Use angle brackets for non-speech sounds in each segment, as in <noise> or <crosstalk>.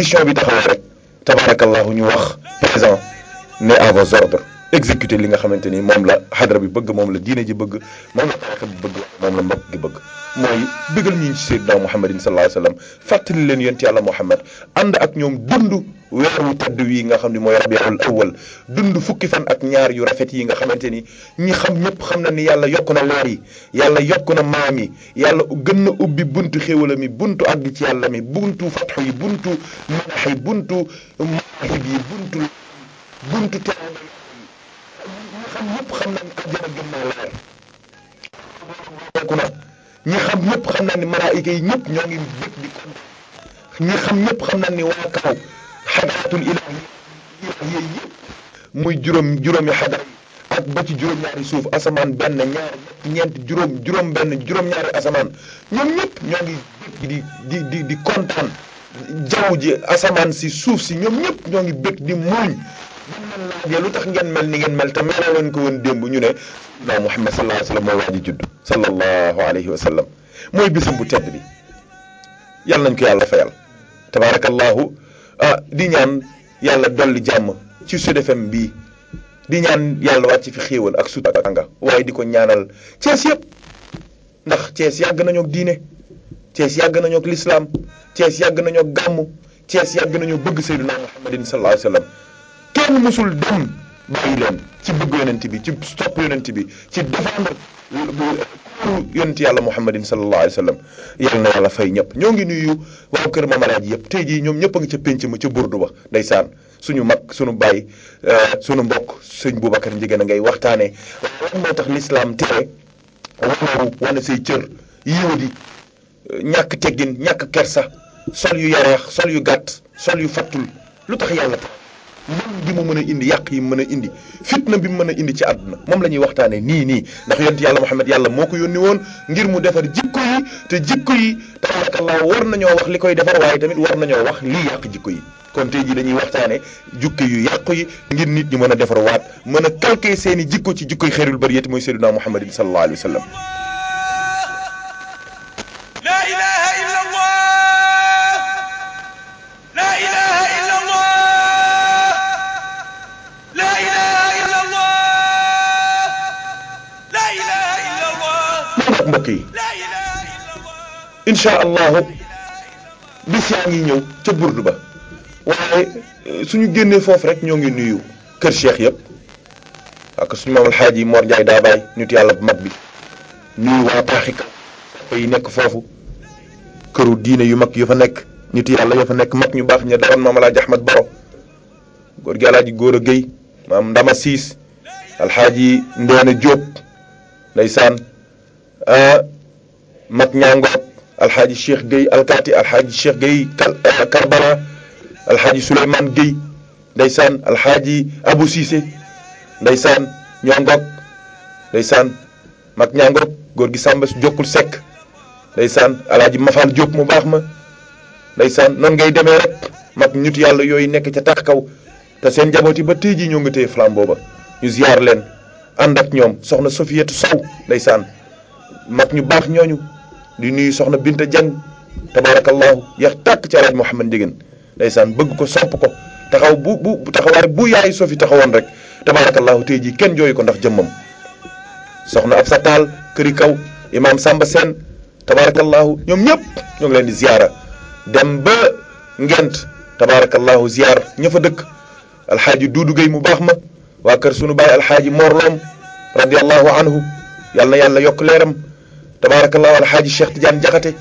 mission bi taxaw rek tabarakallahu ñu wax présent mais à vos ordres exécuter li nga xamante ni moom la xadra bi bëgg moom la diine ji bëgg moom la tarixa bi bëgg moom la mbokk gi bëgg mooy bëggal ñu ci seydina muhammadin sallallahu alayhi wa sallam fàttali leen yonent yàlla muhammad ànd ak ñoom dund weer wu tedd wi nga xam ne mooy rabiul awal dund fukki fan ak ñaar yu rafet yi nga xamante ni ñi xam ñëpp xam na ni yàlla yokk na leer yi yàlla yokk na maam yi yàlla gën na ubbi buntu xéwala mi buntu àgg ci yàlla mi buntu fatxu yi buntu xam ñëpp xam naa ni àjjana na ñi xam ñëpp xam naa ni malaayika yi ñëpp ñoo ngi bëgg di ñëpp xam naa ni juróom juróomi xadara suuf asamaan benn ñaar ñeent juróom juróom benn ngi bëgg di kontaan jaww ji asamaan si suuf si ñoom ñëpp ñoo ngi bëgg di muuñ buñ leen laajee lu tax ngeen mel ni ngeen mel te meloo leen ko woon démb ñu ne non Muhammad sallallahu alayhi wa sallam mooy waa ji judd sallallahu alayhi wa sallam mooy bisam bu tedd bi yàlla nañ ko yàlla fayal tabaarakallahu ah di ñaan yàlla dolli jàmm ci Sud FM bii di ñaan yàlla wàcc fi xéewal ak sut ak nga waaye di ko ñaanal Cees yëpp ndax Cees yàgg nañoo ak diine Cees yàgg nañoo ak lislaam Cees yàgg nañoo ak gàmmu Cees yàgg nañoo bëgg Seydina Muhammadin sallallahu alayhi wa sallam kenn mësul dem bàyyi leen ci bëgg yonent bi ci stop yonent bi ci défendre yonent yàlla muhammadin sallallahu alayhi wa sallam yal na yàlla fay ñëpp ñoo ngi nuyu waa kër ma mamaraji yëpp tey jii ñoom ñëpp a ngi ca pénc ma ca burdu ba saan suñu mag suñu baay euh, suñu mbokk sëñ Boubacar Njigéen a ngay waxtaanee lan moo tax lislaam tere wanawu wane say cër yiw di euh, ñàkk teggin ñàkk kersa sol yu yareex sol yu gàtt sol yu fattul lu tax yàlla tax mbon gi mu mën a indi yàq yi mu mën a indi fitna bi mu mën a indi ci àdduna moom la ñuy waxtaanee nii nii ndax yonent yàlla Muhammad yàlla moo ko yónni woon ngir mu defar jikko yi te jikko yi tabaarakallaa war nañoo wax li koy defar waaye tamit war nañoo wax lii yàq jikko yi kon tey jii dañuy waxtaane jukki yu yàqu yi ngir nit ñi mën a defar waat mën a calquer seen i jikko ci jikko yi xeerul bariyati mooy Seydina Muhammad sallallahu alayhi wa sallam incha allahu bis yaa ngi ñëw ca burdu ba waaye eh, suñu génnee foofu rek ñoo ngi nuyu kër cheikh yëpp ak suñu maam alxaaji Mor Ndiaye daa bàyyi nit yàlla bu mag bi nuyu waa taaxi ka yi nekk foofu këru diine yu mag yu fa nekk nit yàlla yu fa nekk mag ñu baax ña daroon maam alaaji Ahmad Boro góor gi alaaji góor a géy Ndama Siis alxaaji Ndeena alxaaji Cheikh Gueye alkaati alxaaji Cheikh Gueye eh, Karbala alxaaji Souleymane Gueye ndeysaan alxaaji Abou Cissé ndeysaan ñongoog ndeysaan mag ñangoog góor gi Samba jokkul sekk ndeysaan alaaji Mafal Diop mu baax ma ndeysaan noonu ngay demee rek mag ñut yàlla yooyu nekk ca tax kaw te seen njaboot yi ba tey jii ñoo nga téye flambeau ba ñu ziyaar leen ànd ak ñoom soxna Sofiyetu Sow ndeysaan mag ñu baax ñooñu di nuy soxna bint Binta Diagne tabaarakallaahu yax tàkk ci alaaj Mouhamad Ndiéguène ndeysaan bëgg ko sopp ko taxaw bu bu taxawaay bu yaay Sofi taxawoon rek tabaarakallaahu tey jii kenn jooyu ko ndax jëmmam soxna sa Taal këri kaw imaam Samba Sène tabaarakallaahu ñoom ñëpp ñoo ngi leen di ziyaara dem ba ngent tabaarakallaahu ziyaar ña fa dëkk alxaaji Duudu Gay mu baax ma waa kër sunu baay alxaaji Mor Loom radiallahu anhu yàlla na yàlla yokk leeram tabaarakallaahu alxaaji cheikh Tidiane Jaxate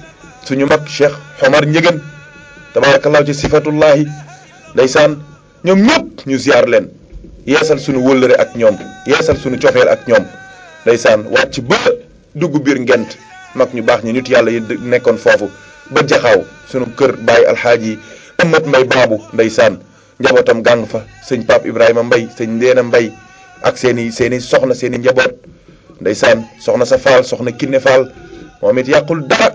suñu mag cheikh Xomar Njëgën tabaarakallaahu ci sifatullahi ndeysaan ñoom ñëpp ñu ziar leen yeesal suñu wëllëre ak ñoom yeesal suñu cofeel ak ñoom ndeysaan wàcc ba dugg biir ngent mag ñu baax ñu nit yàlla yi nekkoon foofu ba jaxaaw suñu kër bàyyi alxaaji ëmmat mbay baabu ndeysaan njabootam gàng fa sëñ Pape Ibrahima Mbay sëñ Ndeena Mbay ak seeni i soxna seeni njaboot ndeysaan soxna sa faal soxna kinne faal moom it yàqul dara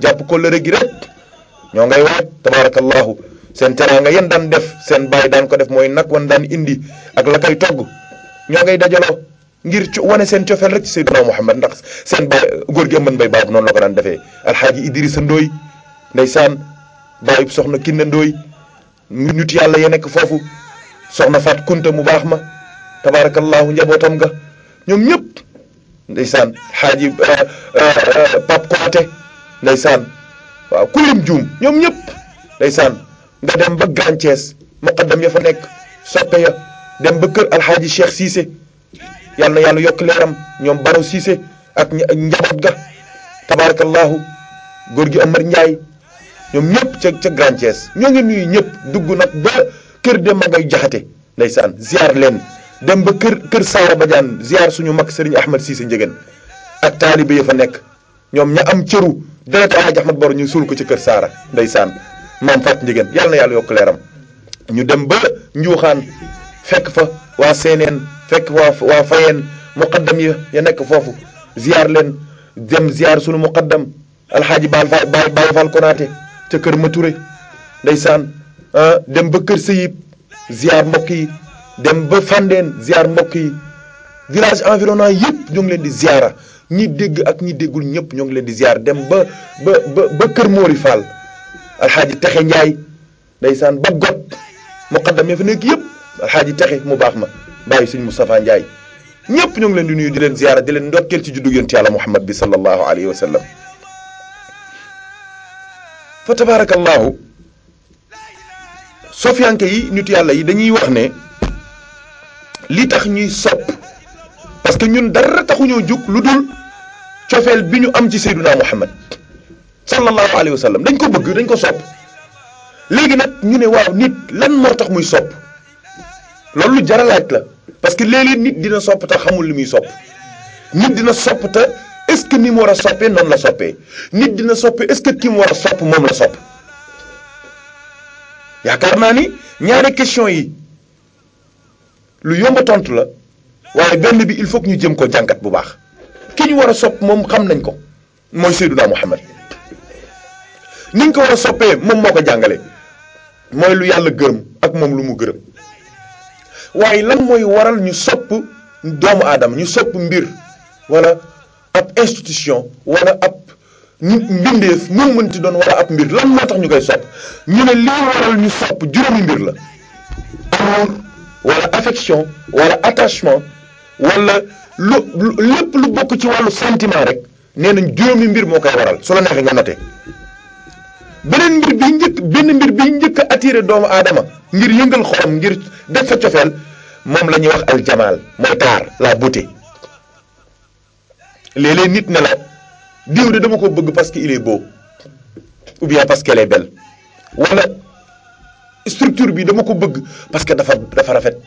jàpp kóllëre gi rek ñoo ngay waaj tabaarakallaahu seen teraanga yan daan def seen baay daan ko def mooy nag wan daan indi ak la koy togg ñoo ngay dajaloo ngir wane seen cofeel rek ci Seydina Muhammad ndax seen baay góor gi mën bay baabu noonu la ko daan defee alxaaji Idrissa Ndooy ndeysaan baayub soxna kinne Ndooy ñu ñut yàlla ya nekk foofu soxna Faat Kunta mu baax ma tabaarakallaahu njabootam nga ñoom ñëpp ndeysaan xaaji eh, eh, eh, Pape Konaté ndeysaan waaw juum ñoom ñëpp ndeysaan nga dem ba gàncees muqaddam ya fa nekk soppe ya dem ba kër alxaaji Cheikh Cissé yàlla na yàlla yokk leeram ñoom baro Cissé ak njaboot ga tabarakallahu góor gi Amar ñaay ñoom ñëpp ca ca gàncees ñoo ngi nuyu ñëpp dugg nag ba kër de ma ngay jaxate ndeysaan ziar leen dem ba kër kër Saara Badiane ziar suñu mag Serigne Ahmed Cissé Ndiégène ak taalibe ya fa nekk ñoom ña am cëru deret Alaaji Ahmed Boro ñu suul ko ci kër Saara ndeysaan maam Faat Ndiégène yàlla na yàlla yokk leeram ñu dem ba Njuuxaan fekk fa waa Seeneen fekk waa waa Fayeen muqaddam ya nekk foofu ziar leen dem ziar suñu muqaddam alxaaj Baal Fall Konaate ca kër Maturé ndeysaan ah, dem ba kër Seyib ziar mbokk yi dem ba Fandeen ziar mbokk yi village environnant yëpp ñoo ngi leen di ziara ñi dégg ak ñi déggul ñëpp ñoo ngi leen di ziar dem ba ba ba ba Kër Mori Fall alxaaji Texe Njaay ndeysaan ba got muqaddam ya fa nekk yëpp alxaaji Texe mu baax ma bàyyi suñ Moustapha Njaay ñëpp ñoo ngi leen di nuyu di leen ziara di leen ndokkeel ci juddug yonent yàlla Muhammad bi sallallahu alayhi wa sallam fa tabaarakallahu sofiyanke yi nit yàlla yi dañuy wax ne li tax ñuy sopp parce que ñun dara taxuñoo jug lu dul cofeel bi ñu am ci sayduna muhammad sallallahu alayhi wa sallam dañ ko bëgg dañ ko sopp léegi nag ñu ne waaw nit lan moo tax muy sopp loolu lu jaralaaj la parce que léeg nit dina sopp te xamul li muy sopp nit dina sopp te est-ce que ni mu war a soppee noonu la soppee nit dina soppe est-ce que ki mu war a sopp moom la sopp yaakaar naa ni ñaari question yi lu yomb tontu la waaye benn bi il faut ñu jëm ko jàngat bu baax ki ñu war a sopp moom xam nañ ko mooy Seydina Muhammad ni ñu ko war a soppee moom moo ko jàngale mooy lu yàlla gërëm ak moom lu mu gërëm waaye lan mooy waral ñu sopp doomu aadama ñu sopp mbir wala ab institution wala ab nit mbindeef mu mënti doon wala ab mbir lan moo tax ñu koy sopp ñu ne lii waral ñu sopp juróomi mbir la wala affection wala attachement wala lu lépp lu bokk ci wàllu sentiment rek nee nañ juróomi mbir moo koy waral su la neexee nga noté mbir bi njëkk benn mbir bi njëkk a doomu aadama ngir yëngal xolam ngir def fa cofeel moom la ñuy wax aljamaal mooy taar la beauté léeg-léeg nit ne la diw de dama ko bëgg parce que il est beau ou bien parce qu'elle est belle structure bi dama ko bëgg parce que dafa dafa rafet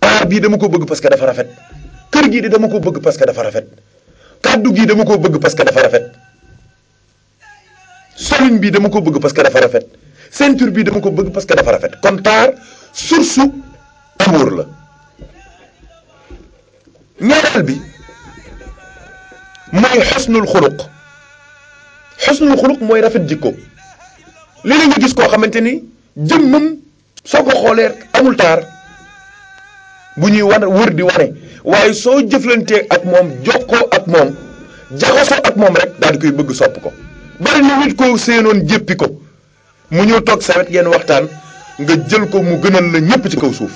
aar bii dama ko bëgg parce que dafa rafet kër gii di dama ko bëgg parce que dafa rafet kàddu gii dama ko bëgg parce que dafa rafet solin bi dama ko bëgg parce que dafa rafet ceinture bi dama ko bëgg que dafa rafet kon taar source amour la ñaareel bi mooy xusnul xuluq xusnul xuluq mooy rafet ko léeg-léeg nga gis koo xamante ni jëmmam soo ko xoolee amul taar bu ñuy wan wër di wane waaye soo jëflantee ak moom jokkoo ak moom jaxasoo ak moom rek daal koy bëgg sopp ko bari na nit koo seenoon jéppi ko mu ñëw toog sawet wet ngeen waxtaan nga jël ko mu gënal la ñépp ci kaw suuf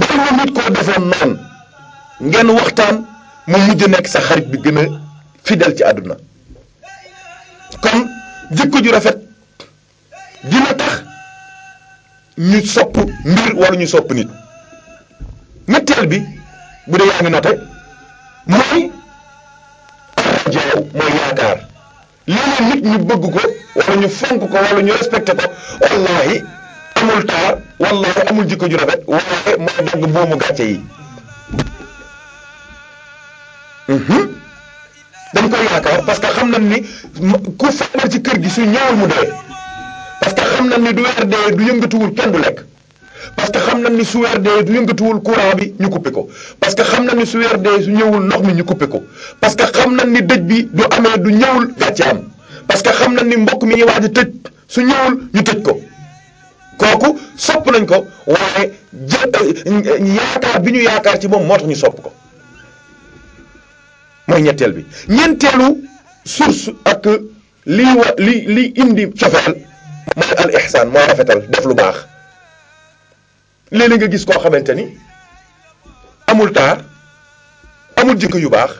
bari na nit koo defoon noonu ngeen waxtaan mu mujj nekk sa xarit bi gën a fidèle ci àdduna kon jikko ju rafet dina tax ñu sopp mbir wala ñu sopp nit ñetteel bi bu dee yaa ngi note mooy joow mooy yaakaar léeg nit ñu bëgg ko wala ñu fonk ko wala ñu respecté ko wallahi amul taar wallahi amul jikko ju rafet waaye moo dagg boomu gàcce yi yaakaar parce que xam nañ ni ku ci kër gi su ñëwul mu dee parce que xam nañ ni du weer dee du yëngatuwul kenn du lekk parce que xam nañ ni su weer dee du yëngatuwul courant bi ñu coupé ko parce que xam nañ ni su weer dee su ñëwul ndox mi ñu coupé parce que xam nañ ni dëj bi du amee du ñëwul gàcce am parce que xam nañ ni mbokk mi ngi waaj a tëj su ñëwul ñu tëj ko kooku sopp nañ ko waaye yaakaar bi ñu yaakaar ci moom moo tax ñu sopp ko mooy ñetteel bi ñeenteelu source ak li wa li li indi cofeel mooy al ihsaan mooy rafetal def lu baax léeg nga gis koo xamante ni amul taar amul jikko yu baax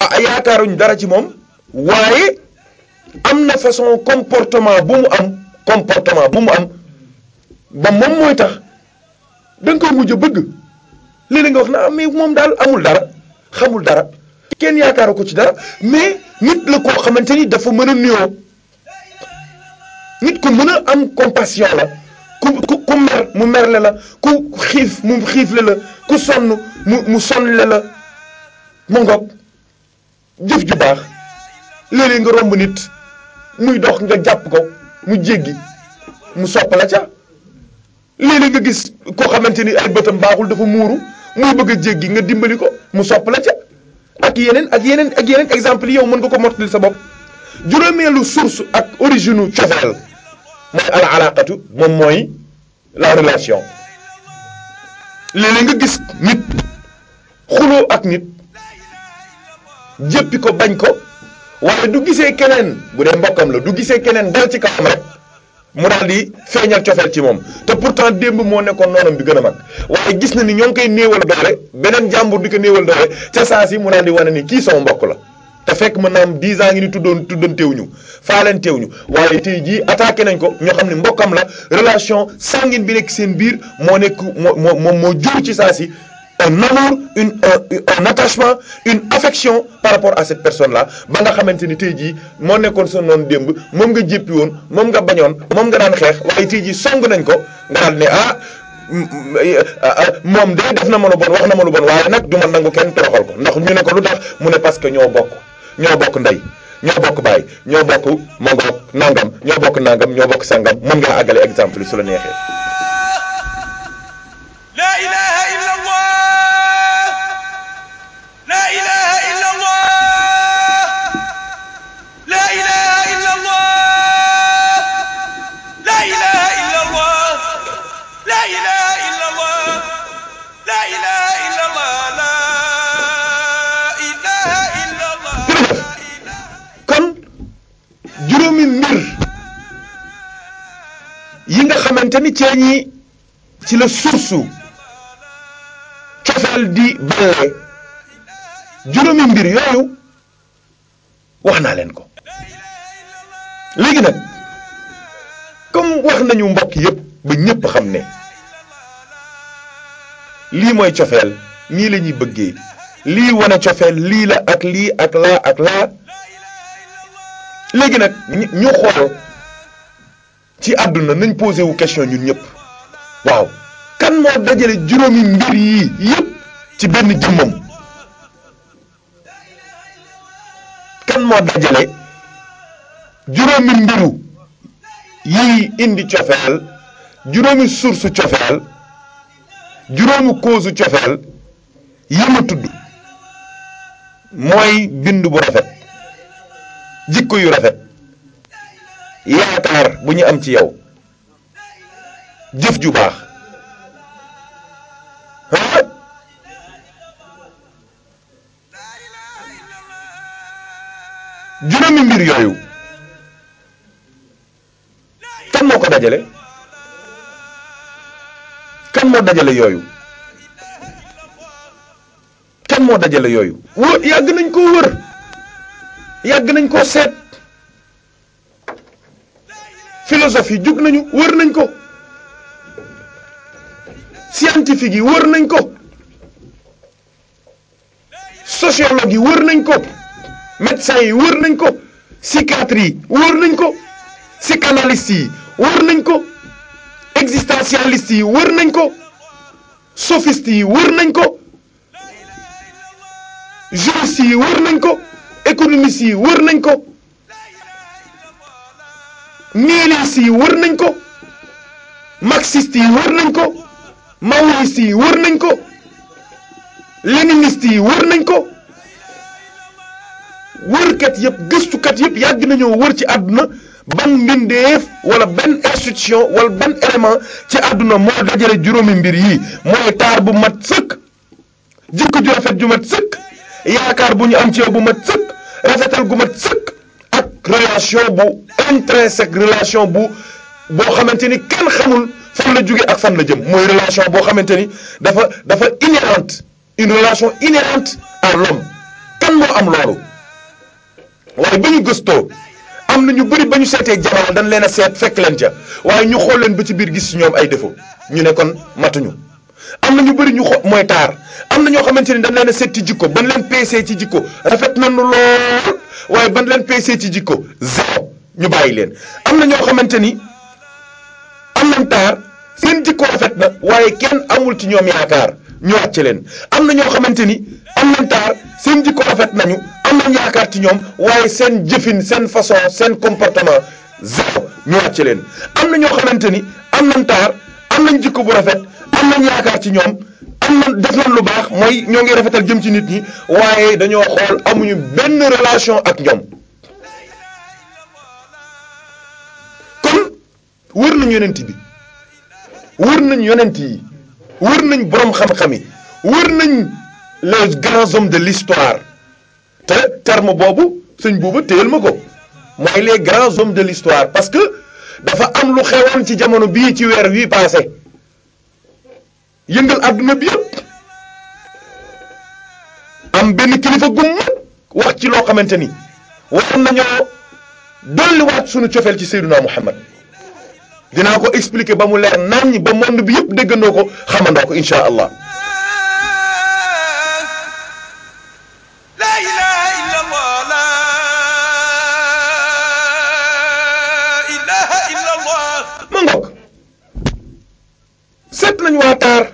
a yaakaaruñ dara ci moom waaye am na façon comportement bu mu am comportement bu mu am ba moom mooy tax da ko mujj a bëgg léeg nga wax na mais moom daal amul dara xamul dara kenn yaakaaru ko ci dara mais nit la ko xamante ni dafa mën a nuyoo nit ko mën a am compassion la ku ku ku mer mu merle la ku xiif mu xiifle la ku sonn mu mu sonle la mu jëf ju baax léeg-léeg nga romb nit muy dox nga jàpp ko mu jéggi mu sopp la ca lee léeg nga gis koo xamante ni ay bëtam baaxul dafa muuru muy bëgg a jéggi nga dimbali ko mu sopp la ca ak yeneen ak yeneen ak yeneen exemple yi yow mën nga ko mottali sa bopp juróomeelu source ak origine u cofeel mooy al alaqatu moom mooy la relation léeg nga gis nit xuloo ak nit jëppi ko bañ ko waaye du gisee keneen bu dee mbokkam la du gisee keneen dal ci kawam rek mu daal feeñal cofeel ci moom te pourtant démb moo nekkoon noonam bi gën a mag waaye gis na ni ñoo koy néewal doole beneen jàmbur di ko néewal doole ca saa si mu daal di wane ni kii sama mbokk la te fekk mën naa am 10 ans ngi ni tuddoon tuddanteewuñu faalanteewuñu waaye tey jii attaqué nañ ko ñoo xam ne mbokkam la relation sanguine bi nekk seen biir moo nekk moo moo moo jur ci saa si un amour une euh, un attachement une affection par rapport à cette personne là ba nga xamante ni tey jii moo nekkoon sa noonu démb moom nga jéppi woon moom nga bañoon moom nga daan xeex waaye tey jii song nañ ko nga daal ne ah euh, euh, moom day def na ma lu bon wax na ma lu bon waaye nag du ma nangu kenn toroxal ko ndax ñu ne ko lu tax mu ne parce que ñoo bokk ñoo bokk ndey ñoo bokk baay ñoo bokk mangoog nangam ñoo bokk nangam ñoo bokk sangam mën ngaa àggale exemple yi su la neexee. laa ilaha illa allah laa ilaha illa allah laa ilaha illa allah laa ilaha illa allah laa ilaha illa allah laa ilaha illa allah kon juróomi mbir yi nga xamante ni ci ñi ci la source cofeel di bale juróomi mbir yooyu wax naa leen ko léegi nag comme wax nañu mbokk yépp ba ñépp xam ne lii mooy cofeel nii lañuy bëggee lii wane cofeel lii la ak lii ak laa ak laa léegi nag ñu xool ci àdduna nañ posé wu question ñun ñépp waaw kan moo dajale juróomi mbir yii yépp ci benn jëmmam moo dajale juróomi mbiru yiy indi cofeel juróomi source cofeel juróomi cause cofeel yi ma tudd mooy bind bu rafet jikko yu rafet yaakaar bu ñu am ci yow jëf ju baax moo dajale yooyu kan moo dajale yooyu wó yàgg nañ koo wër yàgg nañ ko seet philosophie jug nañu wër nañ ko scientifique yi wër nañ ko sociologue yi wër nañ ko médecin yi wër nañ ko psychiatre yi wër nañ ko psychanalyste yi wër nañ ko existentialiste yi wër nañ ko sophiste yi wër nañ ko juriste yi wër nañ ko économiste yi wër nañ ko nihiliste yi wër nañ ko marxiste yi wër nañ ko maoïste yi wër nañ ko léniniste yi wër nañ ko wërkat yëpp gëstukat yëpp yàgg nañu wër ci àdduna ban mbindeef wala benn institution wala benn élément ci àdduna moo dajale juróomi mbir yi mooy taar bu mat sëkk jikko ju rafet ju mat sëkk yaakaar bu ñu am ci yow bu mat sëkk rafetal gu mat sëkk ak relation bu intrinsèque relation bu boo xamante ni kenn xamul fan la jóge ak fan la jëm mooy relation boo xamante ni dafa dafa inhérente une relation inhérente à l'homme kan moo am loolu waaye ba ñu gëstoo am na ñu bëri ba ñu seetee jabaram dañ leen a seet fekk leen ca waaye ñu xool leen ba ci biir gis si ñoom ay défaut ñu ne kon matuñu am na ñu bëri ñu xo mooy taar am na ñoo xamante ni dañ leen a seet ci jikko leen peesee ci jikko rafet nañu lool waaye ban leen peesee ci jikko zéro ñu bàyyi leen am na ñoo xamante ni am nañ taar seen jikko rafet na waaye kenn amul ci ñoom yaakaar ñu wàcce leen am na ñoo xamante ni am nañ taar seen jikko rafet nañu am nañ yaakaar ci ñoom waaye seen jëfin seen façon seen comportement zéro ñu wàcce leen am na ñoo xamante ni am nañ taar am nañ jikko bu rafet am ñu yaakaar ci ñoom am na def nañ lu baax mooy ñoo ngi rafetal jëm ci nit ñi waaye dañoo xool amuñu benn relation ak ñoom kon wër nañu yonent bi wër nañu yonent yi wër nañ borom xam-xam wër nañ les grands hommes de l'histoire te terme boobu sëñ buuba téyel ma ko mooy les grands hommes de l'histoire parce que dafa am lu xewoon ci jamono bii ci weer wii passé yëngal àdduna bi yëpp am benn kilifa gu wax ci loo xamante ni war nañoo dolliwaat sunu cofeel ci Seydunaa Muhammad dinaa ko expliquer ba mu leer naan ñi ba monde bi yëpp déggandoo ko xamandoo ko incha allah ma ngoog seet nañu waa taar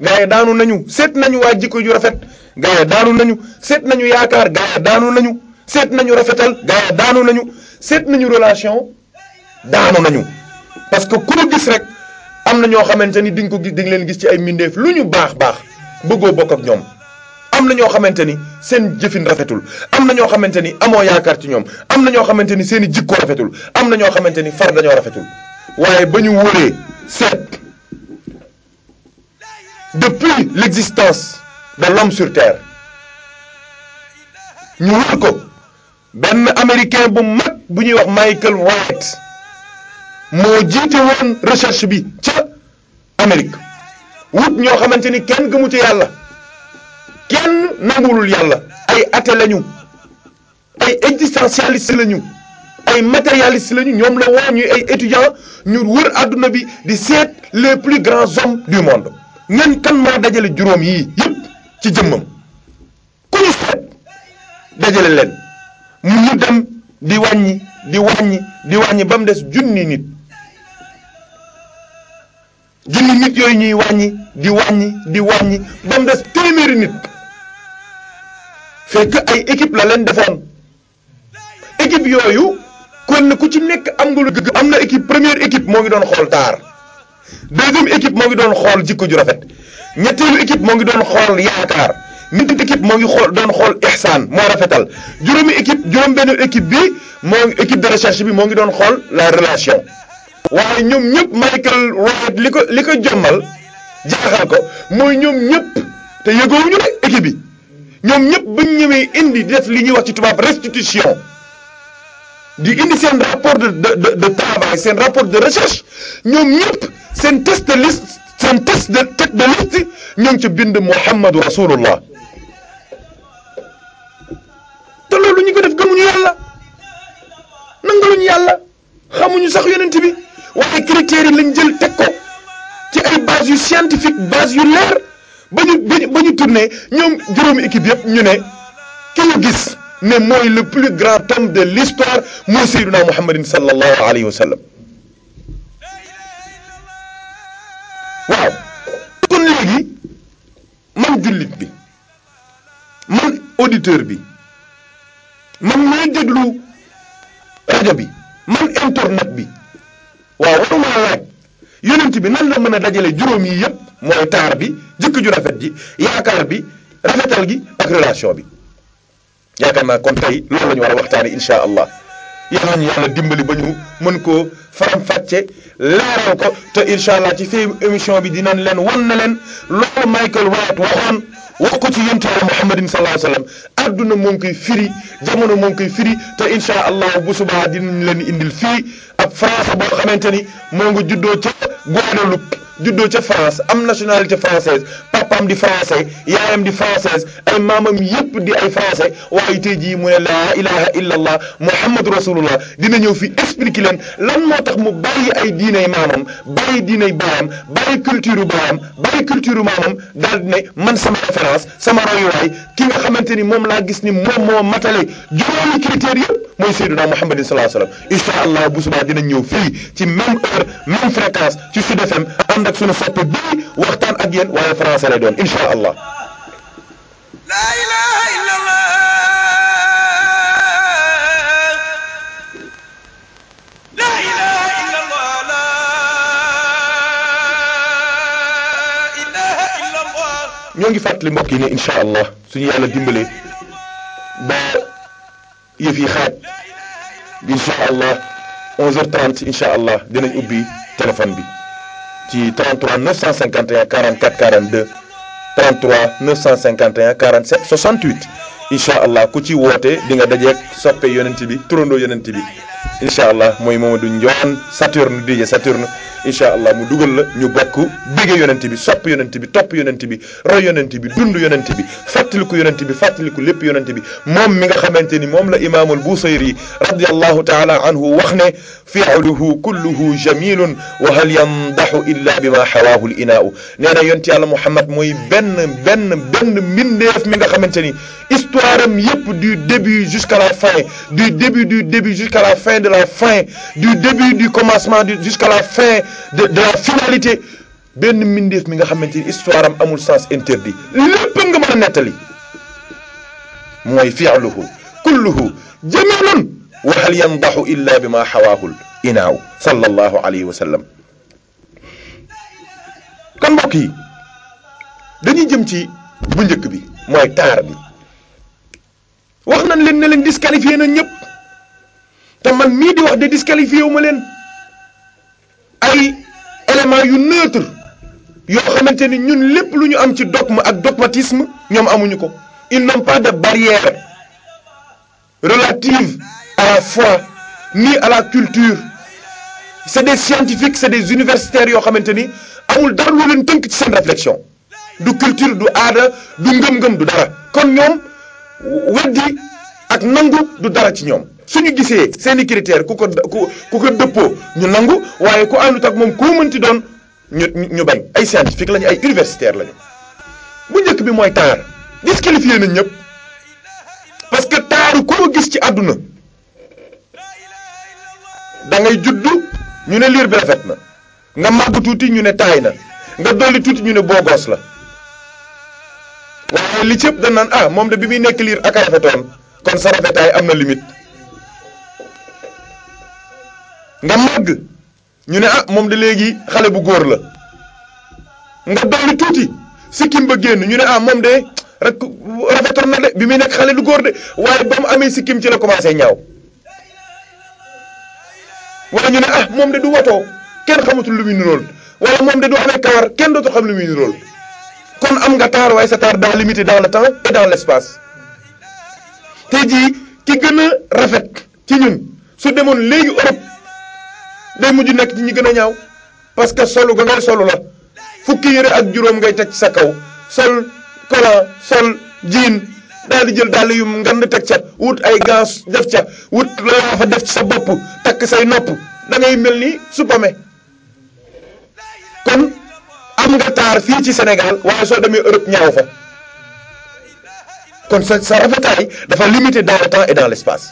gaa daanu nañu seet nañu waa jikko ju rafet gaa daanu nañu seet nañu yaakaar gaa yi nañu seet nañu rafetal gaa daanu nañu seet nañu relation daanu nañu parce que ku ñu gis rek am na ñoo xamante ni di ko gis di leen gis ci ay mbindeef lu ñu baax baax bëggoo bokk ak ñoom am na ñoo xamante ni seen jëfin rafetul am na ñoo xamante ni amoo yaakaar ci ñoom am na ñoo xamante ni seen i jikko rafetul am na ñoo xamante ni far dañoo rafetul waaye ba ñu wóoree seet depuis l'existence de l'homme sur terre ñu wër ko benn américain bu mag bu ñuy wax Michael White moo jiite woon recherche bi ca Amérique wut ñoo xamante ni kenn gëmuti yàlla kenn nanguwulul yàlla ay athée lañu ay existentialiste lañu ay matérialiste lañu ñoom la woo ñuy ay étudiants ñu wër àdduna bi di seet les plus grands hommes du monde ngeen kan moo dajale juróom yi yëpp ci jëmmam ku ñu seet dajale leen mu ñu dem di wàññi di wàññi di wàññi ba mu des junni nit junni nit yooyu ñuy wàññi di wàññi di wàññi ba mu des téeméeri nit fekk ay équipe la leen defoon équipe yooyu kon ku ci nekk am nga lu gëgg am na équipe première équipe moo ngi doon xool taar deuxième équipe moo ngi doon xool jikko ju rafet ñetteelu équipe moo ngi doon xool yaakaar ñetti équipe moo ngi xool doon xool ihsaan moo rafetal juróomi équipe juróom benn équipe bi moo équipe de recherche bi moo ngi doon xool la relation waaye ñoom ñëpp Michael Royd li ko li ko jommal jaaxal ko mooy ñoom ñëpp te yëgoowuñu ne équipe bi ñoom ñëpp bañ ñëwee indi di def li ñuy wax ci tubaab restitution di indi seen rapport de de seen rapport de recherche ñoom ñëpp seen test de liste seen test ñoo ngi ci bind Muhammadu Rasulullah te loolu ñu ko def gëmuñu yàlla nangaluñu yàlla xamuñu sax yonent bi. waaye critères yi lañ jël teg ko ci ay base yu scientifique base yu leer ba ñu ba ñoom juróomi équipe yëpp ñu ne ki gis ne mooy le plus grand homme de l'histoire mooy Seydina Muhammadin sallallahu alayhi wa sallam waaw kon léegi man jullit bi man auditeur bi man may déglu rajo bi man internet bi waaw waxuma la rek yonent bi nan la mën a dajale juróom yi yëpp mooy taar bi jëkk ju rafet ji yaakaar bi rafetal gi ak relation bi yaakaar naa kon tey loolu la ñu war a waxtaane incha allah yal nañu yàlla dimbali ba ñu mën koo faram-fàcce leeral ko te incha allah ci fii émission bi dinañ leen wan na leen loolu Michael Wright waxoon wax ko ci yonent Yàlla Muhammadin sallallahu alayhi wa sallam adduna moo ngi koy firi jamono moo ngi koy firi te incha allahu bu subaa dinañ leen indil fii ab boo xamante ni moo ngi juddoo ca Guadeloupe juddoo ca France am nationalité française papaam di français yaayam di française ay maamam yépp di ay français waaye tey jii mu ne laa ilaha illa allah rasulullah dina ñëw fi expliquer leen lan moo tax mu bàyyi ay diinay maamam bàyyi diinay baayam bàyyi culture baayam bàyyi culture maamam man référence sama royuwaay ki nga xamante ni moom laa gis ni moom moo matale juróomi critères yëpp mooy Seydina Mouhamadin salaa salaam incha allah bu subaa dinañ ñëw fii ci même heure ci Sud FM ànd ak suñu soppe bii waxtaan ak yéen waaye français lay doon incha allah. ñoo ngi fàttali mbokk yi ne incha allah suñu yàlla dimbalee ba yëf yi xaaj incha allah dinañ ubbi téléphone bi ci 33 951 44 42 33 951 47 68 allah ku ci woote di nga dajeeg soppe yonent bi turandoo yonent bi. incha allah mooy Mamadou Ndione Saturne DJ Saturne incha allah mu dugal la ñu bokk bëgg yonent bi sopp yonent bi topp yonent bi roy yonent bi dund yonent bi fàttaliku yonent bi fàttaliku lépp yonent bi moom mi nga xamante ni moom la imaamul Busayri radiyallahu taala anhu wax ne fi'luhu kulluhu jamilun wa hal yamdahu illa bima hawaahu l inaau nee na yonent yàlla Muhammad mooy benn benn benn mbindeef mi nga xamante ni histoire am yëpp du début jusqu'à la fin du début du début jusqu'à la fin de la fin du début du commencement du la fin de de la finalité benn mbindeef mi nga xamante ni histoire am amul sens interdit lépp nga mën a nettali mooy fi'luhu kulluhu jamilun wa hal yandaxu illa bi ma xawaahul inaaw sallallahu alayhi wa sallam kon mbokk yi dañuy jëm ci bu njëkk bi mooy taar bi wax nañ leen ne leen disqualifié na ñëpp te man mii di wax de disqualifié wu ma leen ay éléments yu neutre yoo xamante ni ñun lépp lu ñu am ci dogme ak dogmatisme ñoom amuñu ko ils n'ont pas de barrière relative à la ni à la culture c'est des scientifiques c'est des universitaire yoo xamante ni amul dara lu leen tënk ci seen réflexion du culture du aada du ngëm-ngëm du dara kon ñoom weddi ak nangu du dara ci ñoom suñu gisee seen i critère ku ko dëppoo ñu nangu waaye ku àndut ak moom koo mënti doon ñu ñu bañ ay scientifique lañu ay universitaire lañu bu njëkk bi mooy taar disqualifié nañ ñëpp parce que taaru koo gis ci àdduna da ngay ñu ne liir bi rafet na nga màgg tuuti ñu ne taay na nga dolli tuuti ñu ne boogoos la waaye li cëpp da naan ah moom de bi muy nekk liir ak a rafetoon kon sa rafetaay am na limite nga màgg ñu ne ah moom de léegi xale bu góor la nga dolli tuuti sikkim ba génn ñu ne ah moom de rek rafetoon na de bi muy nekk xale lu góor de waaye ba mu amee sikkim ci la commencé ñaaw wala ñu ne ah moom de du watoo kenn xamatul lu muy nirool wala moom de du amee kawar kenn dootu xam lu muy nirool kon am nga taar waaye sa taar daa limité dans le temps et dans l'espace tey jii ki gën a rafet ci ñun su demoon léegi Europe day mujj nekk ci ñi gën a ñaaw parce que solu ga ngay solu la fukki yëre ak juróom ngay teg ci sa kaw sol kola sol jiin daal di jël dàll yu ngand teg ca wut ay gants def ca wut fa def ci sa bopp takk say nopp da ngay mel ni supame kon am nga taar fii ci Sénégal waaye soo demee Europe ñaaw fa kon sa sa rafetaay dafa limité dans le temps et dans l' espace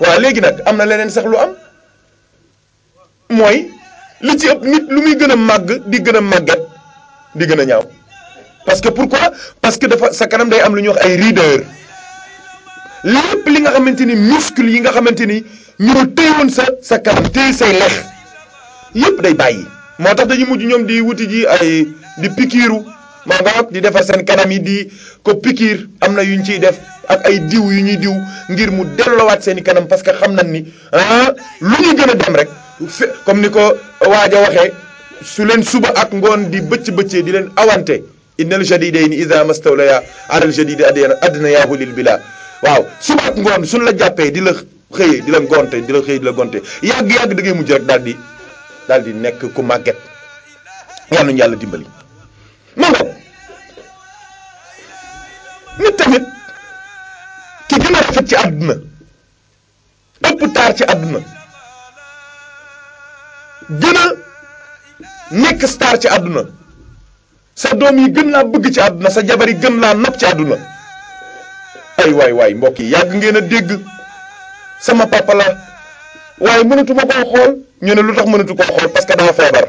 waaw léegi nag am na leneen sax am mooy li ci ëpp nit lu muy gën a màgg di gën a màggat di gën a ñaaw parce que pourquoi parce que dafa sa kanam day am lu ñuy wax ay rideur lépp li nga xamante ni muscle yi nga xamante ni ñoo téyewoon sa sa kanam téye say lex yëpp day bàyyi. moo tax dañuy mujj ñoom di wuti ji ay di pikiiru maa nga maanaam di defar seen kanam yi di ko pikiir am na yu ñu ciy def ak ay diw yu ñuy diw ngir mu dellowaat seen i kanam parce que xam nañ ni ah lu ñu gën a dem rek comme ni ko waaj a waxee su leen suba ak ngoon di bëcc bëccee di leen awante innal jadidayni ida mastawlaya alal jadidi adnayahu lil bila waaw suba ak ngoon suñ la jàppee di la xëyee di la gonte di la xëyee di la gonte yàgg-yàgg da ngay mujj rek daal di daal di nekk ku màgget yàlla ñu yàlla dimbali ma nga nit ki gën a rafet ci àdduna ëpp taar ci àdduna gën a nekk taar ci àdduna sa doom yi gën laa bëgg ci àdduna sa jabar yi gën laa nopp ci àdduna ay waay waay mbokk yi yàgg ngeen a dégg sama papa la waaye mënatuma koo xool ñu ne lu tax mënatu koo xool parce que dafa feebar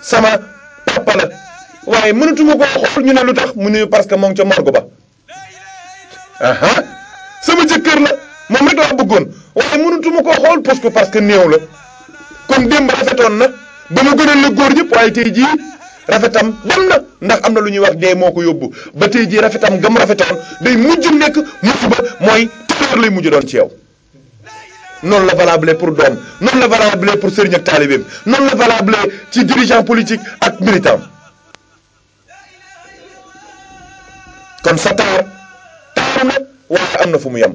sama panat waaye mënatuma koo xool ñu ne lu tax mu ne parce que moo ngi ca morgue ba jëkkër la moom rek laa bëggoon waaye mënatuma koo xool parce que parce que néew la kon démb rafetoon na ba mu gënal la góor ñëpp waaye tey jii rafetam dem na ndax am na lu ñuy wax dee moo ko yóbbu ba tey jii rafetam gam rafetoon day mujj nekk musiba mooy tëddër lay mujj doon ci yow noonu la valable pour doom noonu la valable pour sëriñ ak taalibeem noonu la valable ci dirigeant politique ak militant kon sa taar taaru na waaye am na fu mu yem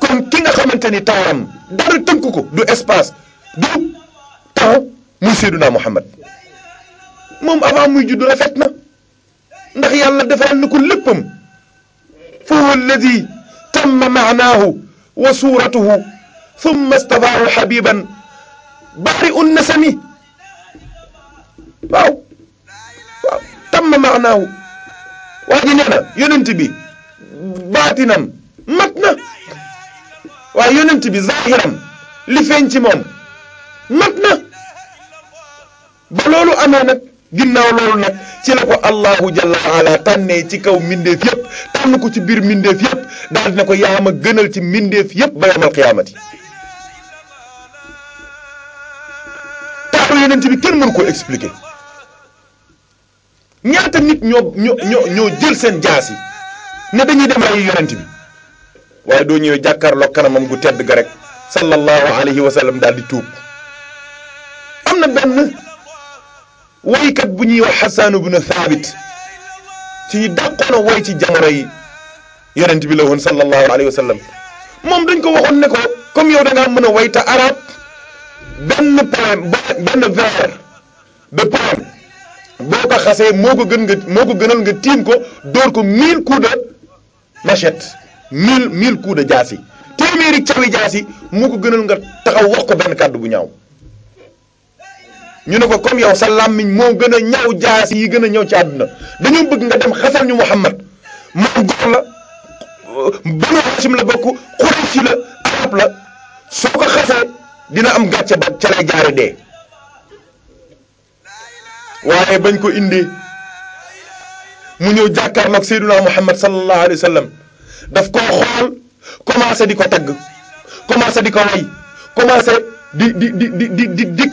kon ki nga xamante ni taaram dara tënk ko du espace du temps muy Seydunaa Muhammad moom avant muy judd rafet na ndax yàlla defal na ko léppam fa huwa alladi tamma maanaahu wa suuratuhu thumma stabaahu xabiban bari un nasami waaw waaw tamma maanaahu waa ji nee na yonent bi baatinan mat na waaye yonent bi zahiran li feeñ ci moom mat na ba loolu amee nag ginnaaw loolu nag ci la ko allahu jalla ala tànnee ci kaw mbindeef yëpp tànn ko ci biir mbindeef yëpp daal dina ko yaama gënal ci mbindeef yëpp ba yawmal qiyaamati taaru yeneen ci bi kenn mënu ko expliquer ñaata nit ñoo ñoo ñoo jël seen jaas yi ne dañuy dem rey yonent bi waaye doo ñëwee jàkkaarloo kanamam gu tedd ga rek sallallahu alayhi wa sallam di tuub am na benn waykat bu ñuy wax xasaanu bnu thaabit ci dàqoon a way ci jamono yi yonent bi la woon sallallahu alayhi wa moom dañ ko waxoon ne ko comme yow dangaa mën a way te arab benn poème benn vers de poème boo ko xasee moo ko gën nga moo ko gënal nga tiim ko dóor ko mille coups de machette mille mille coups de jaasi téeméeri cawi jaasi moo ko gënal nga taxaw wax ko benn kàddu bu ñaaw ñu ne ko kon yow sa làmmiñ moo gën a ñaw jaas yi gën a ñëw ci àdduna dañoo bëgg nga dem xasal ñu Muhammad moom góor la Banu Hashim la bokk Quraysh la la am gàcce ba ca jaare dee waaye bañ ko indi mu ñëw jàkkaarloog Seydunaa Muhammad sallallahu alayhi wa sallam daf koo xool commencé di ko tagg commencé di ko way commencé di di di di di di di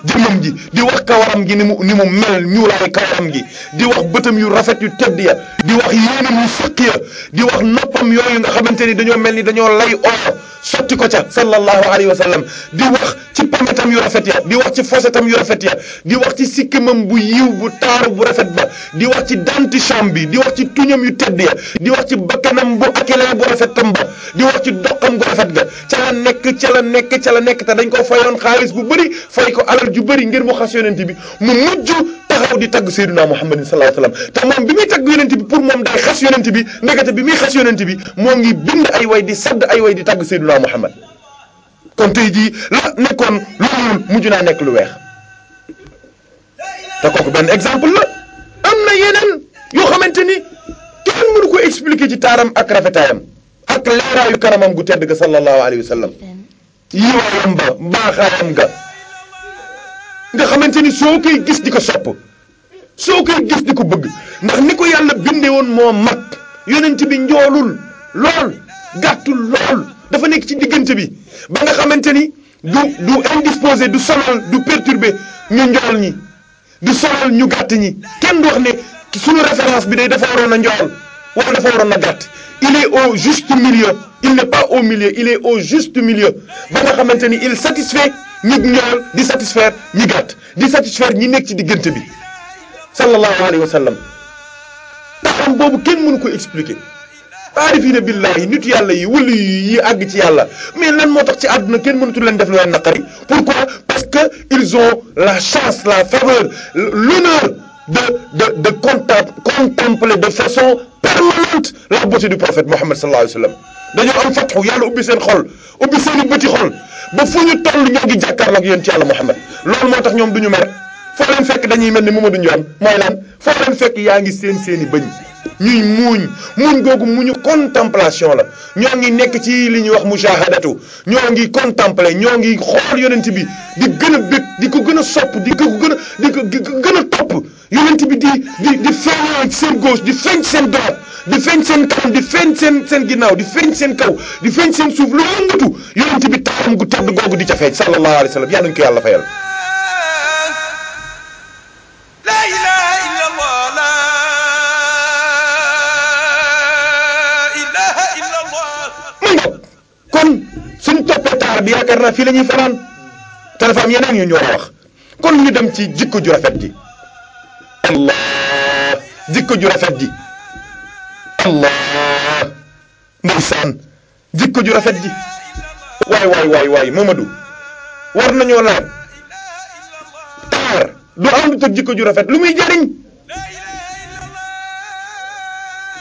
jëmmam ji di wax kawaram gi ni mu ni mu mel ñuulaay kawaram gi di wax bëtam yu rafet yu tedd ya di wax yéenam yu fëkk ya di wax noppam yooyu nga xamante ni dañoo mel ni dañoo lay oo sotti ko ca sallallahu alayhi wa sallam di wax ci pametam yu rafet ya di wax ci fosetam yu rafet ya wax ci sikkimam bu yiw bu taaru bu rafet ba di wax ci denticham bi di wax ci tuñam yu tedd ya di wax ci bakkanam bu akilee bu rafetam ba di wax ci doqam gu rafet ga ca la nekk la nekk ca la nekk te dañ dañ ko fayoon xaalis bu bëri fay ko alal ju bëri ngir mu xas yonent bi mu mujj taxaw di tagg Seydina Muhammadin sallallahu alayhi wa sallam te moom bi muy tagg yonent bi pour moom day xas yonent bi ndekete bi muy xas yonent bi moo ngi bind ay way di sadd ay way di tagg Seydina Muhammad kon tey jii la nekkoon lu mujj naa nekk lu weex te kooku benn exemple la am na yeneen yoo xamante ni kenn mënu ko expliquer ci taaram ak rafetaayam ak leeraayu karamam gu tedd ga sallallahu alayhi yiwaayam ba mbaaxaayam ga nga xamante ni soo koy gis di ko sopp soo koy gis di ko bëgg ndax ni ko yàlla binde woon moo mag yonent bi njoolul lool gàttul lool dafa nekk ci diggante bi ba nga xamante ni du du indisposé du sonal du perturbé ñu njool ñi du sonal ñu gàtt ñi kenn du wax ne suñu référence bi day dafa waroon a njool wala dafa waroon a gàtt il est au juste milieu il n'est pas au milieu il est au juste milieu ba nga xamante ni il satisfait ñi ñool di satisfaire ñi gàtt di satisfaire ñi nekk ci diggante bi sallallahu alayhi wa sallam taxam boobu kenn mënu ko expliquer aarifina billahi nit yàlla yi wëlu yi yi àgg ci yàlla mais lan moo tax ci àdduna kenn mënatul leen def lu leen naqari pourquoi parce que ils ont la chance la faveur l'honneur de de de contempler de façon permanente la beauté du prophète Mohammed sallallahu alayhi dañoo am fatxu yàlla ubbi seen xol ubbi seen i bëti xol ba fu ñu toll ñoo ngi jàkkaarloo ak yéen ci yàlla Muhammad loolu moo tax ñoom du ñu mer foo leen fekk dañuy mel ni Mamadou Ndione mooy laan foo leen fekk yaa ngi seen seeni bëñ ñuy muuñ muuñ googu muñu contemplation la ñoo ngi nekk ci li ñuy wax mushahadatu ñoo ngi contempler ñoo ngi xool yonent bi di gën a bëgg di ko gën a sopp di ko gën a di ko gën a topp yonent bi di di di feeñ seen gauche di feeñ seen droite di feeñ seen kanam di feeñ seen seen ginnaaw di feeñ seen kaw di feeñ seen suuf lu yëngatu yonent bi taaram gu tedd googu di ca feeñ sallallahu alayhi wa sallam yaa nañ ko yàlla fayal laa ilaaha illallaah laa ilaaha illallaah kon suñ toppee taar bi yaakaar naa fii la ñuy fanaan te yeneen yu ñu war a wax kon ñu dem ci jikko ju rafet ji allah jikko ju rafet ji allah ndeysaan jikko ju rafet ji waay waay waay waay Mamadou war nañoo laaj taar du am tëg jikko ju rafet lu muy jariñ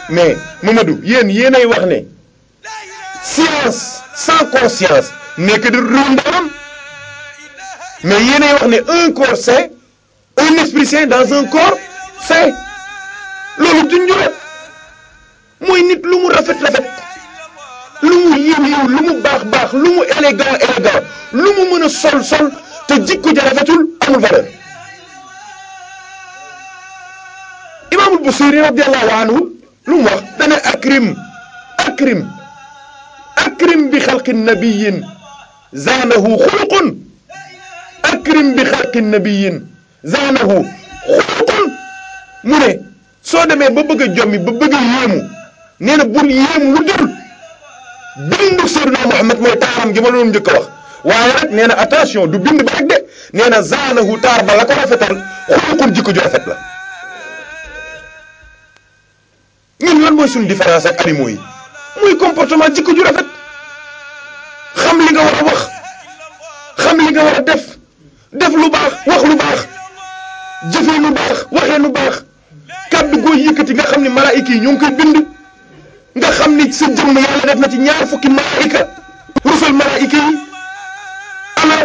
mais Mamadou yéen yéenay wax ne science sans conscience n'est que de réew ndaaram mais yéenay wax ne un corps sain un esprit dans un corps sain loolu duñ juret mooy nit lu mu rafet rafet lu mu yiw yiw lu mu baax baax lu mu élégant élégant lu mu mën a sol sol te jikko ja rafetul amul valeur Busiri radiyallahu anhu lu mu wax dana akrim akrim akrim bi xalqi nabiyin zaanahu xuluqun akrim bi xalqi nabiyin zaanahu xuluqun mu ne soo demee ba bëgg a jommi ba bëgg a yéemu nee na bul yéemu lu dul bindu Seydina Muhammad mooy taaram gi ma doon njëkk a wax waaye rek nee na attention du bind ba rek de nee na zaanahu taar ba la ko rafetal xuluqun jikko ju rafet la ñun lan mooy suñu différence ak animaux muy comportement jikko ju rafet xam li nga war a wax xam li nga war a def def lu baax wax lu baax jëfee lu baax waxee lu baax kàddu goo yëkkati nga xam ni malaayika yi ñoo ngi koy bind nga xam ni sa jëmm yàlla def na ci ñaar fukki malaayika rusal malaayika yi ana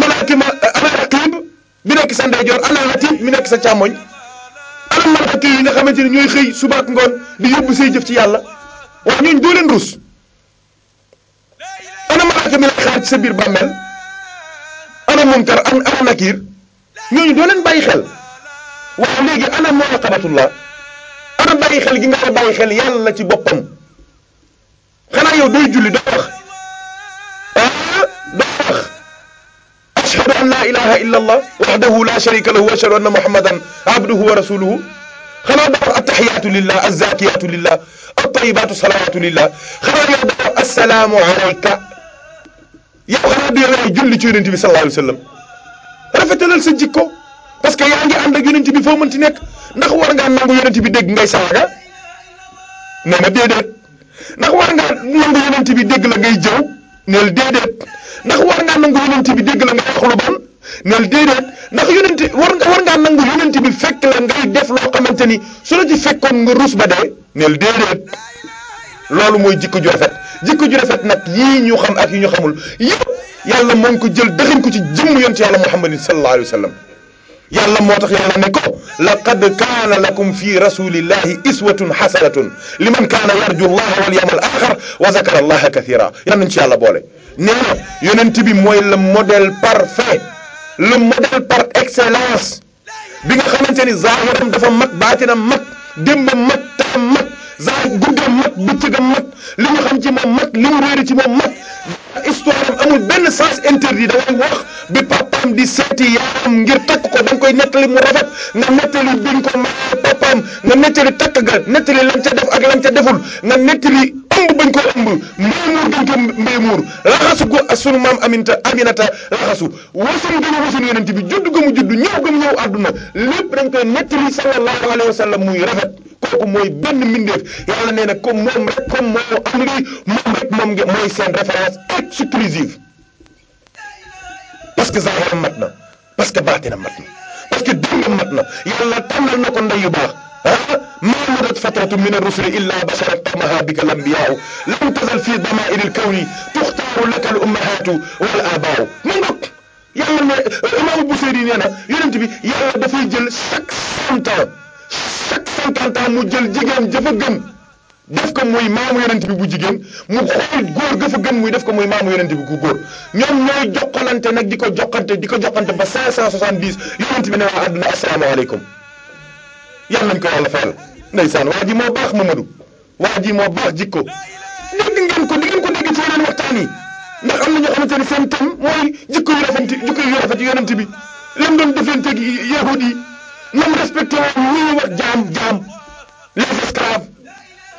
malaayika ma ana raqib bi nekk sa ndeyjoor ana raqib mi nekk sa càmmoñ yooyu nga xamante ne ñooy xëy suba ak ngoon di yóbbu say jëf ci yàlla waaw ñooñu doo leen ana malaaka mi lay xaar ci sa biir bàmmeel ana munkar an ana nakiir ñooñu doo leen bàyyi xel waaw léegi ana muraqabatullah ana bàyyi xel gi nga war a bàyyi xel yàlla ci boppam xanaa yow doy julli doo wax ah, doo wax ashhadu an la ilaha illa allah wahdahu la sharika lahu wa ashhadu anna muhammadan abduhu wa rasuluhu xanaa dafa attaxiyaatu lillah azzakiyaatu lillah attayibaatu salawaatu lillah xanaa yow dafa assalaamu alayka yow xanaa di lay julli ci yonent bi sallallahu alayhi wa sallam rafetalal sa jikko parce que yaa ngi ànd ak yonent bi foo mënti nekk ndax war ngaa nangu yonent bi dégg ngay saaga ne ma déedéet ndax war ngaa nangu yonent bi dégg la ngay jëw neel déedéet ndax war ngaa nangu yonent bi dégg la ngay wax lu bon neel déedéet ndax yonent war nga war ngaa nangu yonent bi fekk la ngay def loo xamante ni su la ci fekkoon nga rus ba dee neel déedéet loolu mooy jikk ju rafet jikko ju rafet nag yii ñu xam ak yi ñu xamul yëpp la moo ngi ko jël dëxin ko ci jëmm yonent yàlla muhammadin sallallahu alayhi wa sallam yàlla moo tax yàlla ne ko laqad kaana lakum fi rasulillahi iswatun xasanatun liman kaana yarju llaha wal yawmal axir wa zakara allaha kathira yal nañ ci yàlla boole nee na yonent bi mooy le modèle parfait le modèle par excellence bi nga xamante ni zaahiram dafa mat baatinam mat démbam mat tam mat zaahir guddam mat bëccëgam mat li ñu xam ci moom mat li ñu réeri ci moom mat histoire am amul benn sens interdit da ngay wax bi papaam di seeti yaayam ngir takk ko da nga koy nettali mu rafet nga nettali biñ ko mayee papaam nga nettali takk ga nettali lan ca def ak lan ca deful nga nettali ëmb bañ ko ëmb mbéymuur bañ ko raxasu ko sunu maam aminta aminata raxasu wasun gëma wasun yonent bi judd gëmu judd ñëw gëmu ñëw àdduna lépp dañ koy nettali sallallahu alayhi muy rafet kooku mooy benn mbindeef yàlla nee na moom rek comme moo am moom rek moom mooy seen référence exclusive parce que zaahiram mat parce que baatinam mat parce que dundam mat na yàlla na ko ndey baax ما مضت فترة من الرسل إلا بشرا كمها بك الأنبياء لم تزل في ضمائر الكون تختار لك الأمهات والآباء mu ndox yàlla ne imam Busiri nee na yonent bi yàlla dafay jël chaque cent ans chaque cinquante ans mu jël jigéen jafa gëm def ko muy maamu yonent bi bu jigéen mu xool góor ga fa gën muy def ko muy maamu yonent bi ku góor ñoom ñooy jokkalante nag di ko jokkante di ko jokkante ba cinq cent soixante-dix yonent bi ne waa àdduna asalaamaaleykum yàlla nañ ko yàlla fayal ndeysaan waa ji moo baax Mamadou waa ji moo baax jikko dégg ngeen ko di ngeen ko dégg ci yeneen waxtaan yi ndax am na ñoo xamante ne seen tam mooy jikko yu rafet jikko yu rafet yonent bi lam doon defenteeg yahud yi nam respecté woon ñu wax jaam jaam les esclaves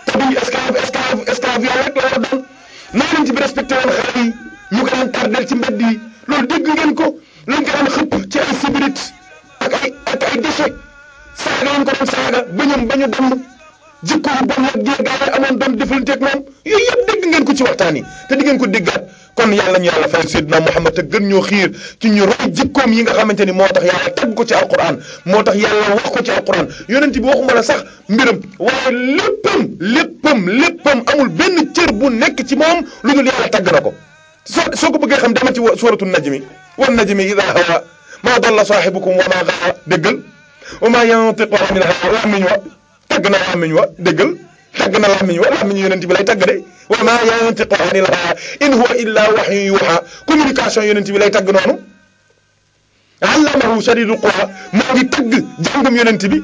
te duñu esclave esclave esclave yàlla rek la war a doon na yonent bi respecté woon xale yi ñu ko daan tardel ci mbedd yi loolu dégg ngeen ko lañ ko daan xëpp ci ay sibrit a ay saaga yi ñu ko doon saaga bañam bañu damb jikko bu bon ak jéegaay yi amoon ngeen ko ci waxtaan yi te ngeen ko déggaat kon yàlla ñu yàlla fay Seydina Muhammad te gën ñoo xiir ci ñu roy jikkoom yi nga xamante ni moo tax yàlla tagg ko ci alquran moo tax yàlla wax ko ci alquran yonent bi waxuma la sax mbiram waaye léppam léppam léppam amul benn cër bu nekk ci moom lu dul yàlla tagg ko soo soo ko bëggee xam dama ci suratu najmi wan najmi idaa hawa maa dalla saahibukum wa maa gawa wa maa yantiqu anil hawaa làmmiñ wa tagg na làmmiñ wa déggal tagg na làmmiñ wa làmmiñ yonent bi lay tagg de wa maa yantiqu anil hawaa in huwa illaa wahyun yuuhaa communication yonent bi lay tagg noonu allamahu shadiidul quwaa moo ngi tagg jàngum yonent bi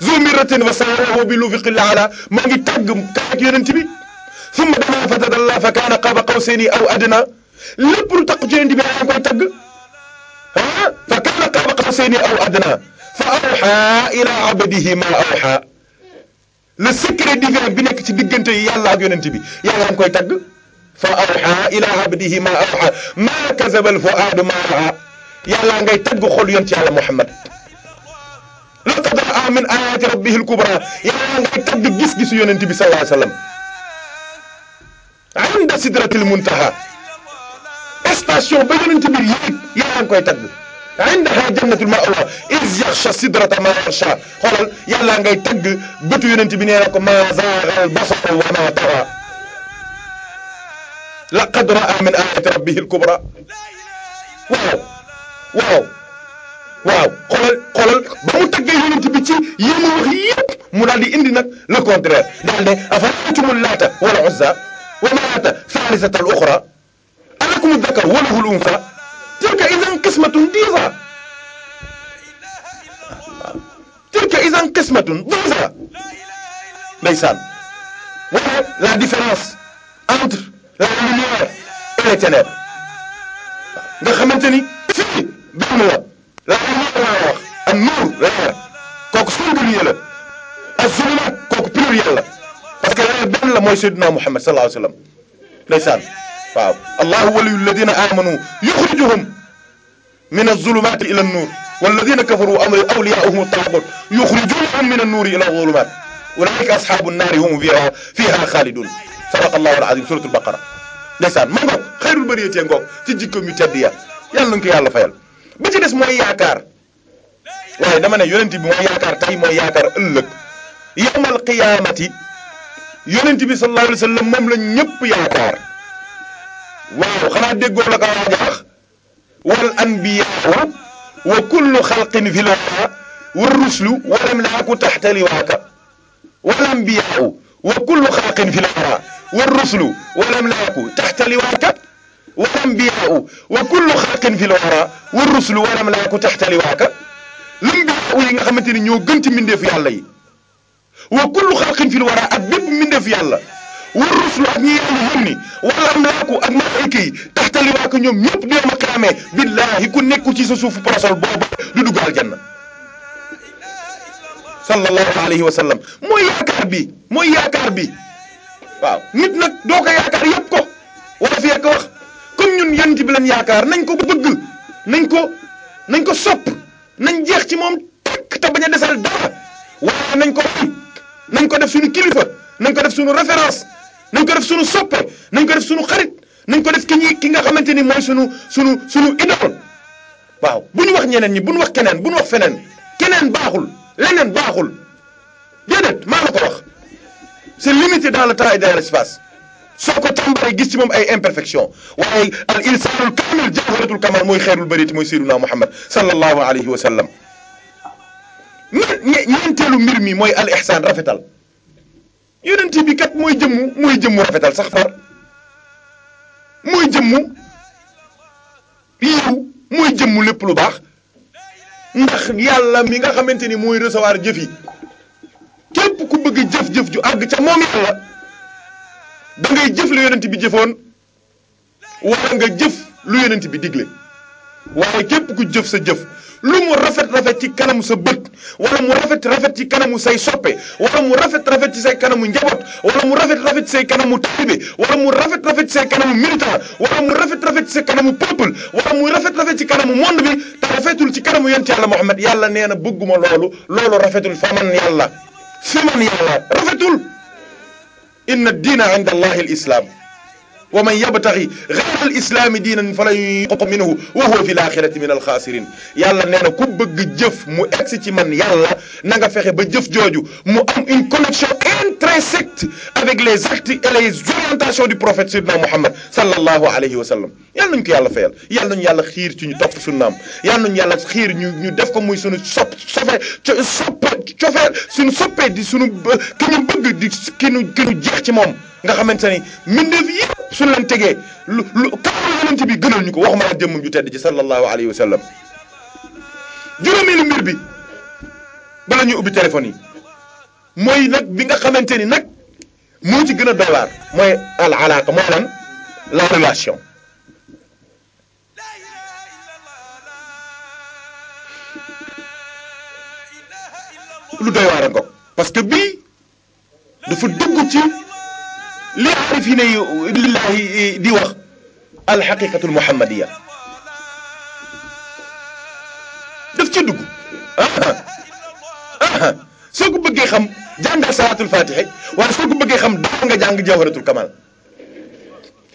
zu mirratin wa sawwaahu bil ufuqil a'laa moo ngi tagg kaak yonent bi summa dana fa tadallaa fa kaana qaaba qawsayni aw adnaa lépp lu taq ci yonent bi yaa ngi koy tagg ah fa kaana qaaba qawsayni aw adnaa fa ila abadihi ma awxa le secret divin bi nekk ci diggante yi yàlla ak yonent bi yàlla nga koy tagg fa awxa ila abadihi ma awxa ma kazaba al fuaadu ma raa yàlla ngay tagg xol yonent yàlla Muhammad la tadraa min ayaati rabbihi al kubra yàlla ngay tagg gis-gisu yonent bi sallallahu alayhi wa sallam inda sidratil muntaha station ba yonent bi yéeg yàlla nga koy tagg indaha jannatul ma'wa iz yaxsha sidrata ma yaxsha xoolal yàllaa ngay tagg bëtu yonent bi nee na ko ma zaagal basar wa ma tawa laqad raa min ayati rabbihi al-kubra waaw waaw waaw xoolal xoolal ba mu taggee yonent bi ci yi mu wax yëpp mu daal di indi nag le contraire daal ne afara'aytumul laata wal uzza wa manaata thaalithatal uxra alakumud dakar wa lahul unsa tilka idan qismatun diisa tilka idan qismatun diisa ndeysaan waaye la différence entre la lumière et les ténèbres nga ni fii benn la la lumière laa nuur leer kooku singulier la ak zulumaat kooku pluriel la parce que leer benn la mooy Seydina Mouhamed sallallahu alayhi wa sallam ndeysaan waaw allahu waliyu alladina amanu yuxrijuhum min azulumaati ila annuur walladina kafaru awliyaahum taaxut yuxrijunahum min annuuri ila azulumaat ulaika asxaabu nnaari hum fiha fiha xaalidun sadaqa allahu alazim suratul baqara ndeysaan ma ngoog xayrul bariyatee ngoog ci jikkoom yu tedd ya yàlla nañu ko yàlla fayal bi ci des mooy yaakaar waaye dama ne yonent bi mooy yaakaar tey mooy yaakaar ëllëg yawmal qiyaamati yonent bi sallallahu alayhi wa sallam moom la ñëpp yaakaar waaw xanaa déggoo la ko waaj a wax wal anbiyaaw wa kullu xalqin filaaka wa ruslu walam naaku taxta liwaaka wal anbiyaaw wa kullu xalqin filaaka wa ruslu walam naaku taxta liwaaka wal anbiyaaw wa kullu xalqin filaaka wa ruslu walam naaku taxta liwaaka lambiyaaw yi nga xamante ni ñoo gën ci mbindeefu yàlla yi wa kullu xalqin fil wara ak bépp mbindeefu yàlla war rusula ak ñi yàlla yónni wala amlaaku ak malaayka yi taxta liwaaka ñoom ñëpp di ma xaamee billaahi ku nekku ci sa suuf parasol boobu du dugg aljanna sallallahu alayhi mooy yaakaar bi mooy yaakaar bi waaw nit nag doo ko yaakaar yëpp ko wala fee ko wax comme ñun yonent bi lan yaakaar nañ ko bëgg nañ ko nañ ko sopp nañ jeex ci moom takk te bañ a desal dara waaye nañ ko am nañ ko def suñu kilifa nañ ko def suñu référence nañ ko def sunu soppe nañ ko def sunu xarit nañ ko def ki ki nga xamante ni mooy sunu sunu sunu idole waaw bu ñu wax ñeneen ñi bu ñu wax keneen bu ñu wax feneen keneen baaxul leneen baaxul déedéet maa la ko wax c'est limité dans le temps et dans l'espace soo ko tàmbalee gis ci moom ay imperfection waaye al insanul kamil jawharatul kamal mooy xeerul bariti mooy sayyiduna muhammad sallallahu alayhi wa sallam ñeenteelu mbir mi mooy al ihsan rafetal yonent bi kat mooy jëmmu mooy jëmmu rafetal sax far mooy jëmmu yiw mooy jëmmu lépp lu baax ndax yàlla mi nga xamante ni mooy recevoir jëf yi képp ku bëgg jëf-jëf ju àgg ca moom yàlla da ngay jëf bi jëfoon wala nga jëf lu yonent bi digle waaye képp ku jëf sa jëf lu mu rafet rafet ci kanamu sa bët wala mu rafet rafet ci kanamu say soppe wala mu rafet rafet ci say kanamu njaboot wala mu rafet rafet ci say kanamu taalibe wala mu rafet rafet ci say kanamu militant wala mu rafet rafet ci say kanamu peuple wala mu rafet rafet ci kanamu monde bi te rafetul ci kanamu yonent yàlla Muhammad yàlla nee na bëgguma loolu loolu rafetul fa man yàlla fi man yàlla rafetul inna diina inda allahi al islam wa man yabtaxi xayra al islaami diinan falan yuqbala minhu wa huwa fi l axirati min al xaasirin yàlla nee na ku bëgg jëf mu egsi ci man yàlla na nga fexe ba jëf jooju mu am une connexion insecte avec les actes et les orientations du prophète Seydina Mouhammad sallallahu alayhi wa sallam yàlla nañu nañu yàlla xiir ci ñu topp sunnaam yàlla nañu yàlla xiir ñu ñu def ko muy suñu sopp sofe soppe cofeel suñu soppee di suñu ki ñu bëgg ki ñu jeex ci moom nga xamante ni mbindeef yëpp suñu leen tegee lu lu kàlla yonent bi gënal ñu ko waxuma la jëmm ju tedd ci sallallahu alayhi wa sallam juróomeelu mbir bi bala ñuy ubbi téléphone yi mooy nag bi nga xamante ni nag moo ci gën a doy waar mooy al alaaka mooy lan la relation lu doy waar parce que bii dafa dugg ci li aarifine yi lillaahi di wax al xaqiqatul muhammadiya daf ci dugg ah, ah, ah, soo ko bëggee xam jàngal salaatul fatiha waaye soo ko bëggee xam daaw nga jàng jawharatul kamal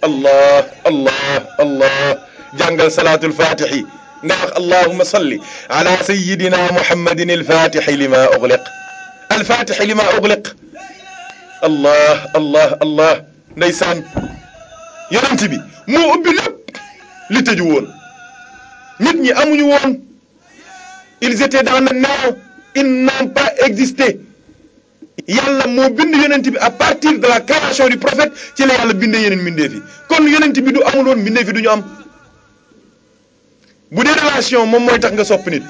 allah allah allah jàngal salaatul fatihi nga wax allahuma salli ala sayidina muhammadin alfatihi lima ugliq alfatihi lima ugliq allah allah allah ndeysaan yonent bi moo ubbi lépp li tëju woon nit ñi amuñu woon ils étaient dans le néant ils n'ont pas existé yàlla moo bind yonent bi à partir de la création du prophète ci la yàlla bindee yeneen mbindeef yi kon yonent bi du amul woon mbindeef yi du ñu am bu dee relation moom mooy tax nga sopp nit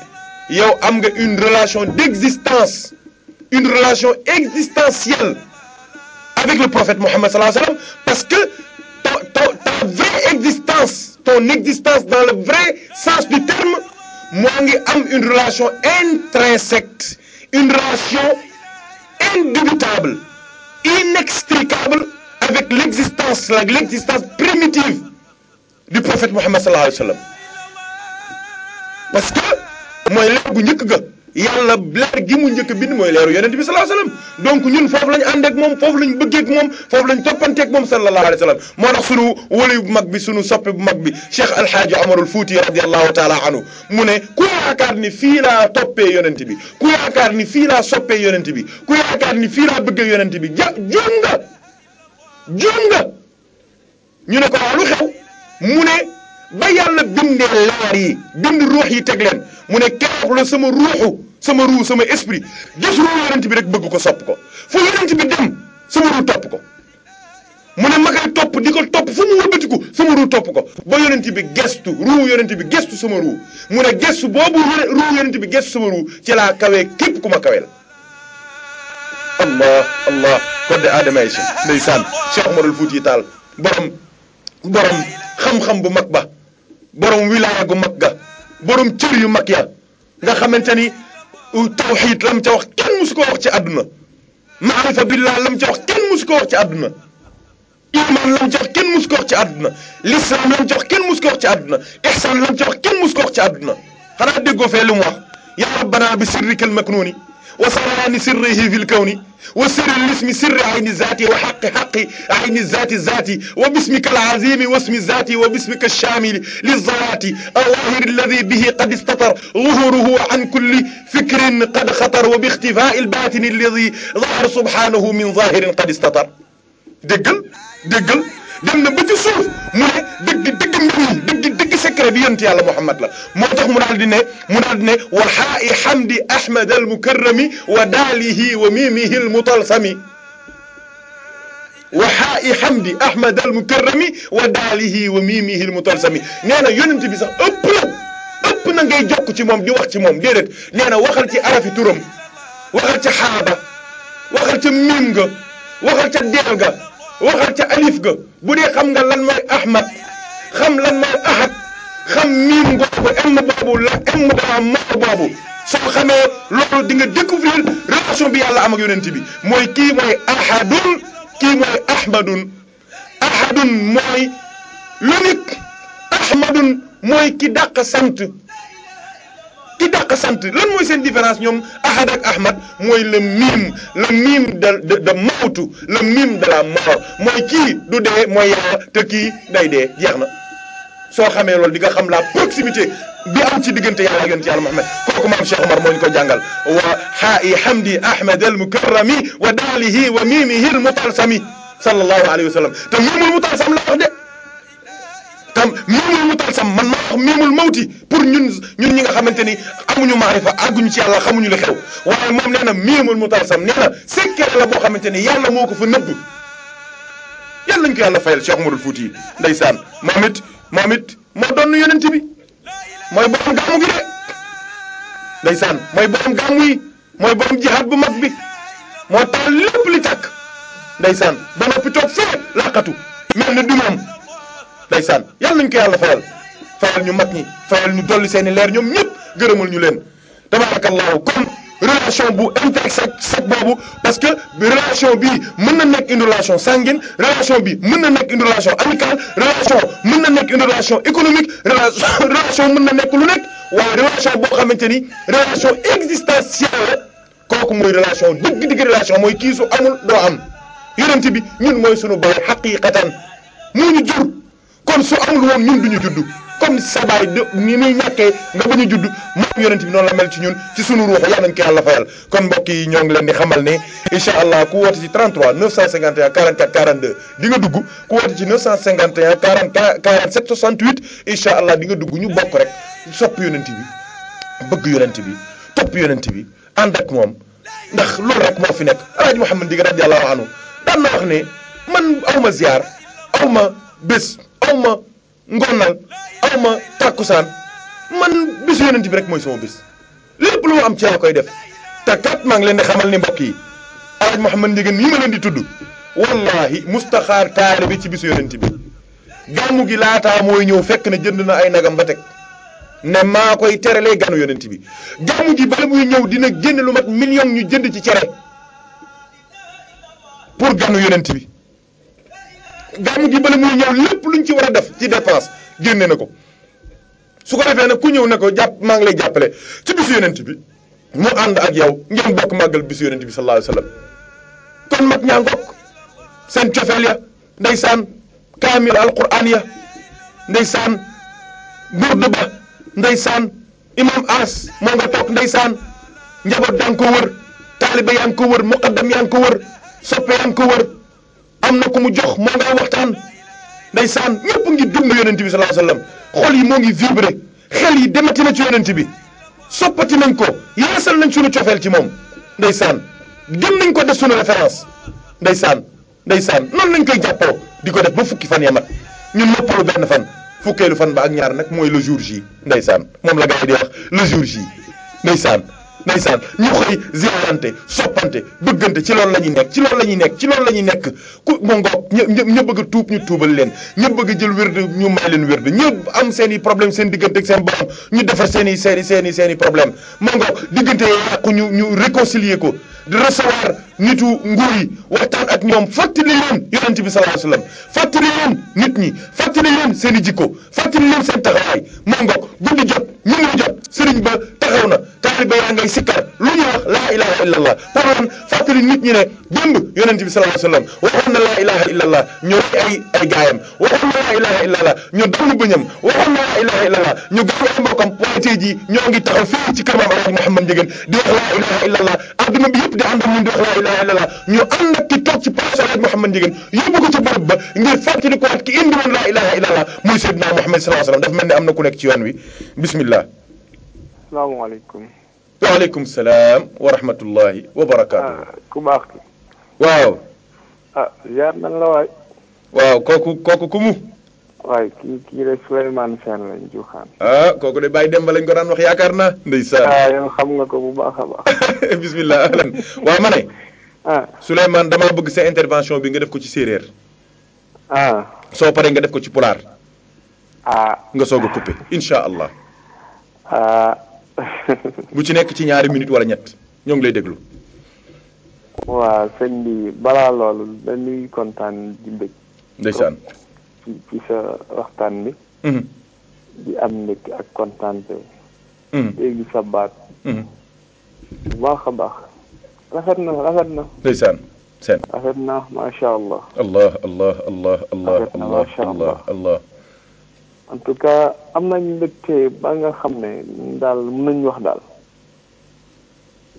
yow am nga une relation d'existence une relation existentielle avec le prophète Mohammed sallallahu alayhi wa sallam parce que ta ta ta vraie existence ton existence dans le vrai sens du terme moo ngi am une relation intrinsèque une relation indubitable inextricable avec l'existence la l'existence primitive du prophète Muhammad parce que mooy leer gu njëkk ga yàlla leer gi mu njëkk bind mooy leeru yonent bi sallallahu alayhi wasallam donc ñun foofu lañ ànd ak moom foofu lañ bëggee ak moom foofu lañ toppantee ak moom sallallahu alayhi wasallam moo tax sunu wali bu mag bi sunu soppe bu mag bi Cheikh Al Hadj Omarul Fouti radiyallahu taala anhu mu ne ku yaakaar ni fii laa toppee yonent bi ku yaakaar ni fii laa soppee yonent bi ku yaakaar ni fii laa bëggee yonent bi ja juum nga juum nga ñu ne ko lu xew mu ne. ba yàlla bindee leer yi bind ruux yi teg leen mu ne keroog sama ruuxu sama ruu sama esprit gis ruu yonent bi rek bëgg ko sopp ko fu yonent bi dem sama ruu topp ko mu ne topp di ko topp fu mu wëbbatiku sama ruu topp ko ba yonent bi gestu ruu bi gestu sama ruu mu ne gestu boobu ruu yonent bi gestu sama ruu ci kawee képp ku ma kawe la allah allah kodde aadama ay si ndeysaan Cheikh Omarul Fuuti Taal borom borom xam-xam bu mag borom wilaya gu mag ga borom cër yu mag nga xamante ni tawxiid lam ca wax kenn musu ko wax ci àdduna maarifa la mu ca wax kenn musu ko wax ci àdduna iman lam ca wax kenn musu ko wax ci àdduna lislam lam ca wax kenn musu ko wax ci àdduna ihsan mu ca wax kenn musu ko wax ci àdduna xanaa déggoo fee mu wax yaa rabbana bi sirrikal maknuni wa salaami sirrihi fi lkawni wa sirri lismi sirri ayni zaati wa xaqi xaqi ayni zaati zaati wa bismika alazimi wasmi zaati wa bismika alshamili lizaati alzahiri alladi bihi qad istatar zuhuruhu an kulli fikrin qad xatar wa bixtifai albatini alladi zahara subhanahu min zahirin qad istatar déggal déggal dem na ba ci suuf mu ne dëgg dëgg mbir mi dëgg dëgg secret yàlla Muhammad la moo tax mu daal di ne mu daal di wa daalihi wa miimihi al mutalsami waxaa'i xamdi ahmad al mukarrami wa daalihi wa miimihi al mutalsami nee na yonent bi sax ëpp na ëpp jokk ci moom di wax ci moom déedéet nee na waxal ci arafi turam waxal ca xaaba waxal ca miim waxal ca deel ga waxal ca alif ga bu dee xam nga lan mooy ahmad xam lan mooy ahad xam miim boobu m boobu la m boobu soo xamee loolu di nga découvrir relation bi yàlla am ak yonent bi mooy kii mooy ahadun kii mooy ahmadun ahadun mooy l'unique ahmadun mooy ki dàq sant ki dàq sant lan mooy seen différence ñoom ahad ak ahmad mooy le mim le mim de de mawtu le mim de la mort mooy kii du dee mooy yàlla te kii day dee jeex na soo xamee loolu di nga xam la proximité bi am ci diggante yàlla yonent yàlla Muhammad kooku maam Cheikh Omar moo ñu ko jàngal wa xaa'i hamdi ahmad al mukarrami wa daalihi wa miimihi al mutalsami sallallahu alayhi wa sallam te miimul mutalsam la wax de tam miimul mu tal sam man maa miimul mawti pour ñun ñun ñi nga xamante ni amuñu maarifa àgguñu ci yàlla xamuñu li xew waaye moom nee na miimul mu tal sam nee na secret la boo xamante yàlla moo ko fa nëbb yàlla nañ ko yàlla fayal Cheikh Umarul Fuuti yi ndeysaan moom it moom it moo doon yonent bi mooy borom gàmmu gi de ndeysaan mooy borom gàmmu yi mooy borom jihaad bu mag bi moo taal lépp li tàkk ndeysaan ba noppi toog fee laqatu mel ne du ndeysaan yàlla nañu ko yàlla fayal fayal ñu mag ñi fayal ñu dolli seen i leer ñoom ñëpp gërëmul ñu leen tabaarakallaahu kon relation bu intersect boobu parce que relation bi mën na nekk une relation sanguine relation bi mën na nekk une relation amicale relation mën na nekk une relation économique relation <laughs> mën na nekk lu nekk waaye relation boo xamante ni relation existentielle la kooku mooy relation digg digg relation mooy kii su amul doo am yonent bi ñun mooy sunu baay xaqiqatan moo ñu kon su amul woon ñun duñu judd comme sa baay ni muy ñàkkee nga bañ a judd moom yonent bi noonu la mel ci ñun ci sunu ruux yàlla nañ ko yàlla fayal kon mbokk yi ñoo ngi leen di xamal ne incha allah ku woote ci 33 951 44 42 di nga dugg ku woote ci 951 44 47 68 incha allah di nga dugg ñu bokk rek sopp yonent bi bëgg yonent bi topp yonent bi ànd ak moom ndax loolu rek moo fi nekk alaaji Mouhamed Ndieguene radiyallahu anhu daan na wax ne man awma ziar awma bés aw ma ngonnal aw ma tàkkusaan man bisu yonent bi rek mooy sama bis lépp lu am ci laa koy def te kat maa ngi leen di xamal ni mbokk yi alaaj Mouhamad Ndieguene nii ma leen di tudd wallahi mustaxaar taale bi ci bisu yonent bi gàmmu gi laataa mooy ñëw fekk na jënd na ay nagam ba teg ne maa koy terelee ganu yonent bi gàmmu gi bala muy ñëw dina génn lu mat million ñu jënd ci cere pour ganu yonent bi gàmmu gi bala muy ñëw lépp ñu ci war a def ci dépense génne na ko su ko defee ne ku ñëw ne ko jàpp maa ngi lay jàppale ci bisu yonent bi mu ànd ak yow ngeen bokk màggal bisu yonent bi sallallahu alayhi wa sallam kon mag ñaa ngokk seen cofeel ya ndeysaan kaamil alquran ya ndeysaan burdu ba ndeysaan imam as moo nga toog ndeysaan njaboot yaa ngi ko wër taalibe yaa ngi ko wër muqaddam yaa ngi ko wër soppe yaa ngi ko wër am na ku mu jox moo ngay waxtaan ndeysaan ñëpp ngi dund yonent bi sallallahu alayhi wasallam xol yi moo ngi vibré xel yi demati na ci yonent bi soppati nañ ko yeesal nañ sunu cofeel ci moom ndeysaan gën nañ ko def sunu référence ndeysaan ndeysaan noonu lañ koy jàppoo di ko def ba fukki fan ya mat ñun noppalu benn fan fukkeelu fan ba ak ñaar nag mooy le jour J ndeysaan moom la gars yi di wax le jour J ndeysaan ndeysaan ñu xëy ziarante soppante bëggante ci loolu la ñuy nekk ci loolu la ñuy nekk ci loolu la ñuy nekk ku ma ngoog ñë ña bëgg tuub ñu tuubal leen ña bëgg jël wérd ñu may leen wérd ña am seen i problème seen diggante ak seen borom ñu defar seen i seen i seen i seen problème ma ngoog diggante yooyu yàqu ñu ñu réconcilier ko di recevoir nitu nguur waxtaan ak ñoom fàttali leen yonent bi sallallahu alayhi wa sallam fàttali nit ñi fàttali leen seen jikko fàttali leen seen taxawaay mu ngoog guddi jot ñu ngi jot sëriñ ba taxaw na taaliba yaa ngay sikkar lu ñu wax laa ilaha illa allah pour lan nit ñi ne démb yonent bi sallallahu alayhi wa sallam waxoon na laa ilaha illa allah ñu rey waxoon na laa ilaha illa allah ñu dagg bëñam waxoon na laa ay mbokkam waaye tey jii ñoo ngi taxaw fii ci kanam Alaaji Mouhamed Ndiéguène di wax ñëpp di ànd ak ñun di wax laa ilaaha illallaah ñu ànd ak ki toog ci place Alaaji Mouhamed Ndiéguène yóbbu ko ci bërëb ba ngir fàttali ko waat ki indi woon laa ilaaha illallaah muy Seydina Mouhamed sallallaahu alayhi wa sallam dafa mel ne am na ku nekk ci yoon wi bisimilah. salaamaaleykum. waaleykum salaam wa rahmatullaahi wa barakaatu. Ah, ku baax. waaw. ah ziar nan la waay. waaw kooku kooku ku mu. waaye kii kii de Souleymane Sène la Njuuxaan. Ah, kooku de Baye Demba lañ ko daan wax yaakaar naa. ndeysaan ah xam nga ko bu baax a baax. <laughs> bisimilah. waaw ma ne. ah Souleymane bëgg sa intervention bi nga def ko ci séeréer. Ah. soo paree nga def ko ci pulaar. ah nga soog a coupé incha allah. Ah. <laughs> bu ci nekk ci ñaari minute wala ñett ñoo ngi lay déglu. waaw sëñ bi balaa loolu dañuy kontaan di mbég. ndeysaan. ci sa waxtaan bi. Mm-hmm. di am mbégte ak kontaante. Mm-hmm. dégg sa baat. Mm-hmm. bu baax a baax. rafet na rafet na. ndeysaan sen rafet na macha allah. allah allah allah allah rafet na macha allah allah. am nañ mbégte ba nga xam ne daal mën nañu wax daal.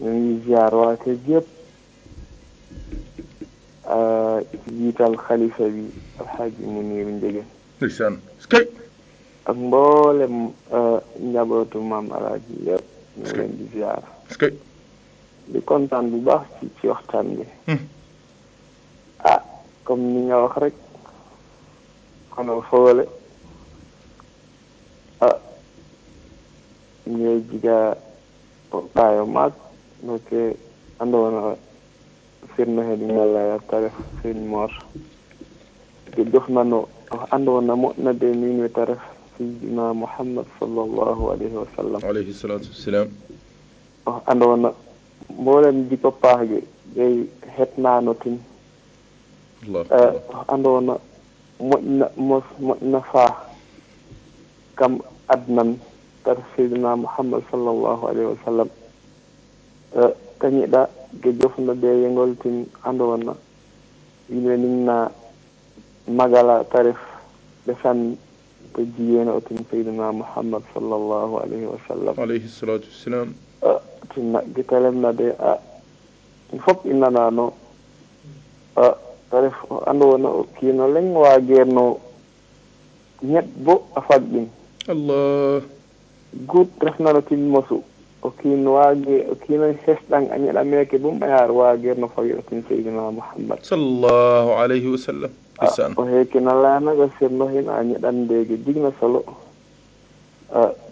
ñu ngi ziar waa kër yëpp. ci jiital xalifa bi alxaaji Muniiru Njegen ndeysaan kay ak mboolem euh, njabootu maam alaaji yëpp ñu ngi leen di ziar di kontaan bu baax ci ci waxtaan bi hmm. ah comme ni nga wax rek xanaa foole ah ngay jiga payo maag no ke andoona Sëriñ Mahdi Malla yaattare Sëriñ Mor ɓe ƴofnano andoonamo nabbe min wetare seydina mouhammad sallllahu alayhi wa sallam alayhi salatu wassalam o oh, andoona mboɗen jigo paaxje ɓey hetnano tin eh, mos moƴna faa kam adnan tata seydina mouhammad sallllahu alayhi wa tañiɗa ge jofnuɗe yengol tin hande wonna yimɓe ninna magala tarif ɓe sanni to jiyeno o tin seydina mouhammad sallllahu alayhi wa sallam alayhi salatu wassalam tin naɓɓi talemnade a ɗum fof innanano tarif hande wona o kiino leŋ waageerno ñet bo a fagɗin allah guut refnano tin mosu o kiin waage o kiinoxe sesɗan a ñaɗa meeke bom a yaar waageerno fawi o ten seydina mouhammad sallllahu alayhi wa sallam o heeke no layanaga sernohen jigna solo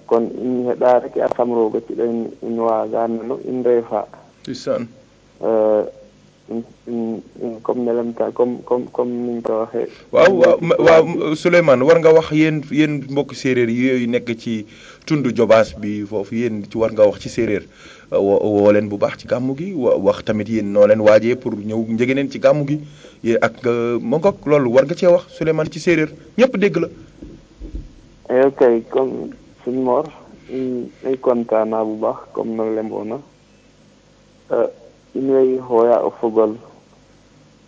kono in heɗaareke a samrooga ciɗen in waaganano in reefa comme ne lam taal comme comme comme ni ñu waaw waaw waaw Souleymane war nga wax yéen yéen mbokk séeréer yi yooyu nekk ci tund Jobaas bi foofu yéen ci war nga wax ci séeréer woo leen bu baax ci gàmmu gi wax tamit yéen noo leen waajee pour ñëw njëgëneen ci gàmmu gi yéen ak euh, Mangok loolu war nga cee wax Souleymane ci séeréer ñépp dégg la. Eh, ok comme suñu Mor ay kontaan bu baax comme noonu lemboona inweyi hooya o fogol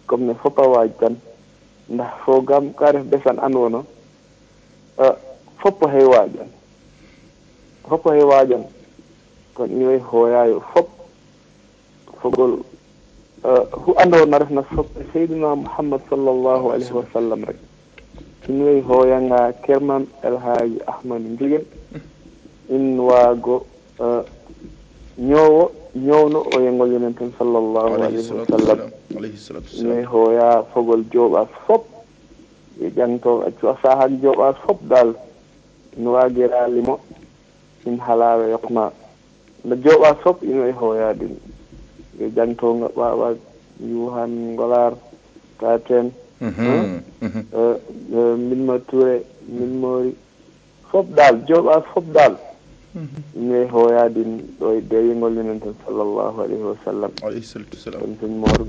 comme ne fopa waaj tan ndax fogaam ka ref besan andoona fop oxey waajan fop oxey waajan kon in way xooyaayo fop fogol xu andoona refna soppe seyduna muhammad sallallahu alayhi wa rek in way xooyanga kermam el hadji ahmadu Ndiéguène in waago ñoowo ñow no o yengol yonen tan sallllahu alayhi wa sallam mi fogol jooɓas fop e ƴanto accu saahak jooɓas fop dal no waagiralimo in halawe yokma nde jooɓas fop ino e hooya ɗum yo ƴanto yuhan ngolar taten min mo min moori fop dal jooɓas fop dal mi hoyade ɗo e deyngol minen tan sallllahu alayhi wasalam kono soni Mor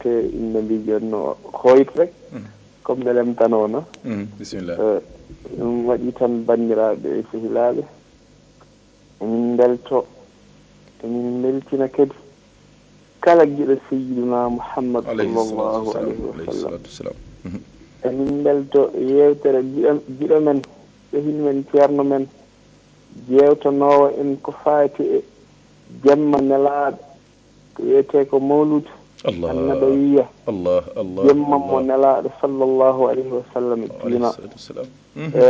te ina mbi joni no hoyit rek mm. comme no mm, eh, ɗum waɗi tan bandiraɓe e sehilaɓe emin belto emin beltina kadi kala guiɗo seyidina mouhammad sallllahu alayhi wa sallam mm-hmm. emin belto yewtere giɗo giɗo men ɓehil men ceerno jewtanowo en ko faati e jemma nelaaɗo ko wiyete ko mawlude annaɓe wiya jemma mo nelaaɗo sallllahu alayhi wa sallam e diina mhm. e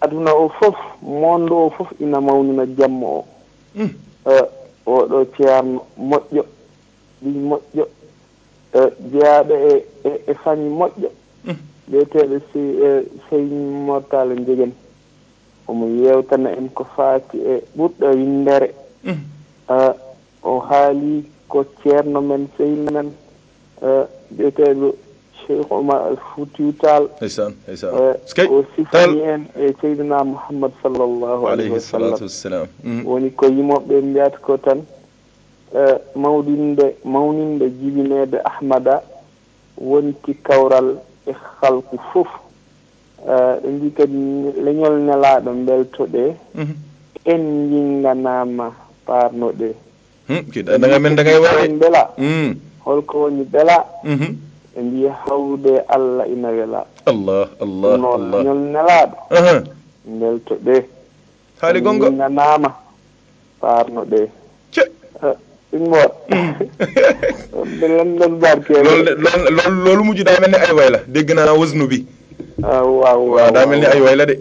aduna o fof mondo o fof ina mawnina jemma o mhm. e oɗo ceerno moƴƴo ɗi moƴƴo e jeyaɗo e, e e fañi moƴƴo wiyeteɗo mhm. sey sey mortale jegani omo yewtana en ko faati e ɓurɗo yindere mm. o haali ko ceerno men sehil men biyeteɗo cheikh oumar al o sifani en e seydina mouhammad sallllahu alayhi wa sallam mm. woni ko yimoɓe mbiyata ko tan mawninde jibinede ahmada wonti kawral e halku fof Eh, ɗum kadi leñol nelaɗo beltoɗe mhm. en jinganama parnoɗe hmm, kiɗaɗaga men daga e waɗe beela hmm. holko woni beela mhm. allah ina wela allah allah noon leñol nelaɗo beltoɗe haali gonga jinganama parnoɗe ce eh, ɗummoɗ ɗon ɗon <laughs> barke loolu mujuɗamen ne ay wayla dégg na wasnu bi Ah, waaw waaw waaw daa mel ni ay way la de.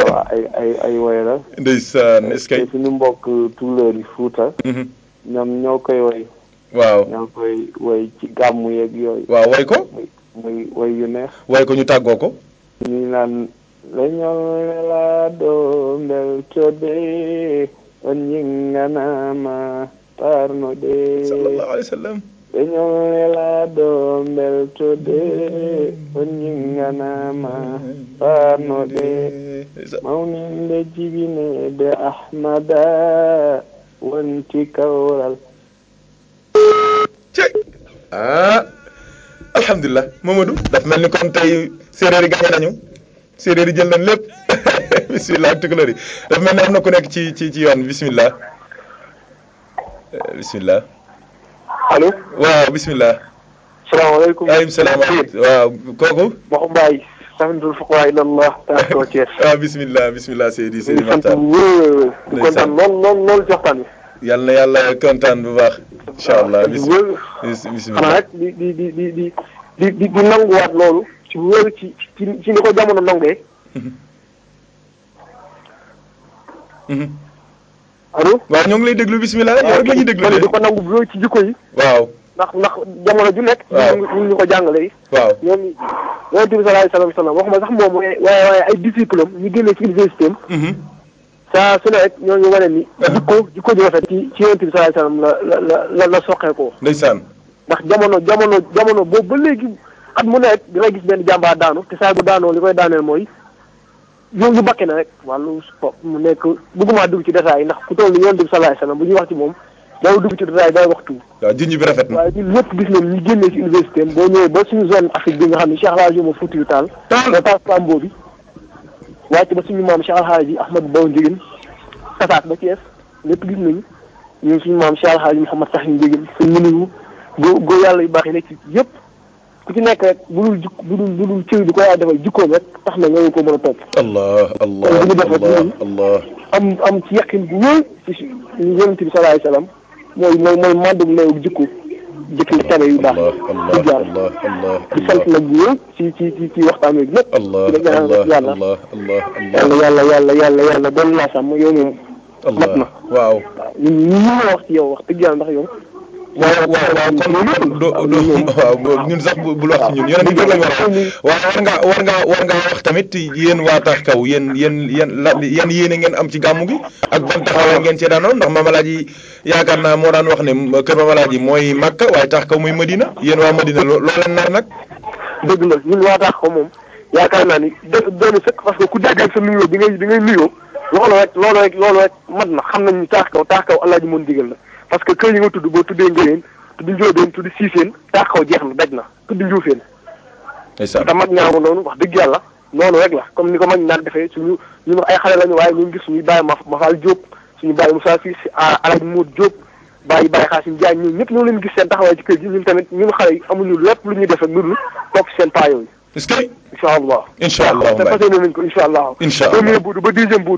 waaw ah, ay ay ay way la. ndeysaan est-ce que. suñu mbokk tuulóor yi Fuuta. Mhm. ñoom ñoo koy way. waaw ñoo koy way ci gàmmu yeeg yooyu. waaw way ko. muy way yu neex. way ko ñu tàggoo ko. ñu naan la ñoo la doo mbel codé on yinganama parno de. sallallahu alayhi wa sallam. ɓe ñoylaɗo beltoɗe on jinganama farnoɗe mawninde jibineɓe ahmada wonti kawral a alhamdulillah mamadou daf mel ni kon tey séeréer yi gañe nañu séeréer yi jël nañ lépp <laughs> bismillah ak tukulóor yi daf mel ni am na ku nekk ci ci ci yoon bismillah bismillah allo waaw bisimilah. salaamaaleykum waaleykum salaam waaw kooku. Mbaxu Mbaye. samintul fuqaraa ilallah taatoo Thiès. <laughs> waaw bisimilah bisimilah Seydi Seydi Maxtaar. di kontaan lool lool lool ci waxtaan bi. yal na yàlla kontaan bu baax. incha allah bisimilah xanaa rek di di di di di di di di nanguwaat loolu. ci bu wér ci ci ci ni ko jamono nongee. <laughs> Mhm. Mhm. allo waaw ñoo ngi lay déglu bisimilah yow rek la ñuy déglu di ko nangu bu ci jikko yi waaw ndax ndax jamono ju nekk ñun ñu ko jàngale yi waaw ñoom yonent bi sallallahu alayhi wasallam waxuma sax moom waaye waaye ay disciple am ñu génnee ci université am mm-hmm. saa su nekk ñoo ñu wane ni uh-huh. jikko jikko ju rafet ci ci yonent bi sallallahu alayhi wasallam la la la soqee ko ndeysaan ndax jamono jamono jamono boobu ba léegi at mu nekk dina gis benn jàmbaar daanu te saa bu daanoo li koy daaneel mooy ñoom ñu bakkee na rek wàllu sport mu nekk bëgguma dugg ci détails ndax ku toll ni yonent bi sallallahu alayhi wasallam bu ñuy wax ci moom daaw dugg ci détails day wax tuuti. waaw junj bi rafet na waaye ñun gis nañ ñu génnee ci université am boo ñëwee ba suñu zone Afrique bi nga xam ne Cheikh El Hadj Oumar Foutiyou Tall. Tall ba Pape Sambo bi wàcc ba suñu maam Cheikh El Hadj Ahmad Bamba Ndiéguène tasaat ba Thiès lépp gis nañ ñun suñu maam Cheikh El Hadj Mouhamad Sakhir Ndiéguène suñu mënuñu góor yàlla yu baax yi nekk ci yëpp ku ci nekk rek bu dul juk bu dul bu dul cëw bi ko yaay defal jikkoom rek tax na nga ko mën a topp. allah allah allah am am ci yaqin bu wóor ci yonent bi salaay salaam mooy mooy mooy màndum leewu jikko jëkk yu tabe yu baax di jaar di sant nag bu wóor ci ci ci ci waxtaan wi lépp di la ñaanal yàlla yàlla yàlla yàlla yàlla yàlla doon laa sàmm yow moom mat na waaw ñun ñu ma wax ci yow wax dëgg yàlla ndax yow waaw waaw waaw kon loolu waaw ñun sax bul wax ñun yonent bi lañ war a waaw war ngaa war ngaa war ngaa wax tamit yéen waa tax kaw yéen yéen yéen la yan yéene ngeen am ci gàmmu gi ak ban taxawaay ngeen cee daanoon ndax mamalaaji yaakaar naa moo daan wax ne kër mamalaaji mooy Makka waaye tax kaw muy Madina yéen waa Madina loo leen nar nag dëgg la ñun waa tax kaw moom yaakaar naa ni dë doon sëkk parce que ku dégg ak sa nuyoo bi ngay bi ngay nuyoo loolu rek loolu rek loolu rek mat na xam nañ ni taax kaw taax kaw alaaji moon digal la parce que que :fra kër yi nga tudd boo tuddee Ngéyeen tudd Ndiobène tudd jeex na daj na tudd Ndioufène ndeysaan te mag ñaa nga noonu wax dëgg yàlla noonu rek la comme ni ko mag ñi defee suñu ay xale la ñu waaye ñu ngi gis suñuy bàyyi Ma Fall Diop suñu bàyyi Moussa Cissé a ah, El Hadj Modou Diop bàyyi Baye Xaasim Diagne ñooñu ñëpp ñoo leen gis seen taxawaay ci kër gi ñun tamit ñun xale yi amuñu lépp lu ñuy def rek lu dul topp si seen paa yooyu. est :fra que :fra allah :ar allah :ar fas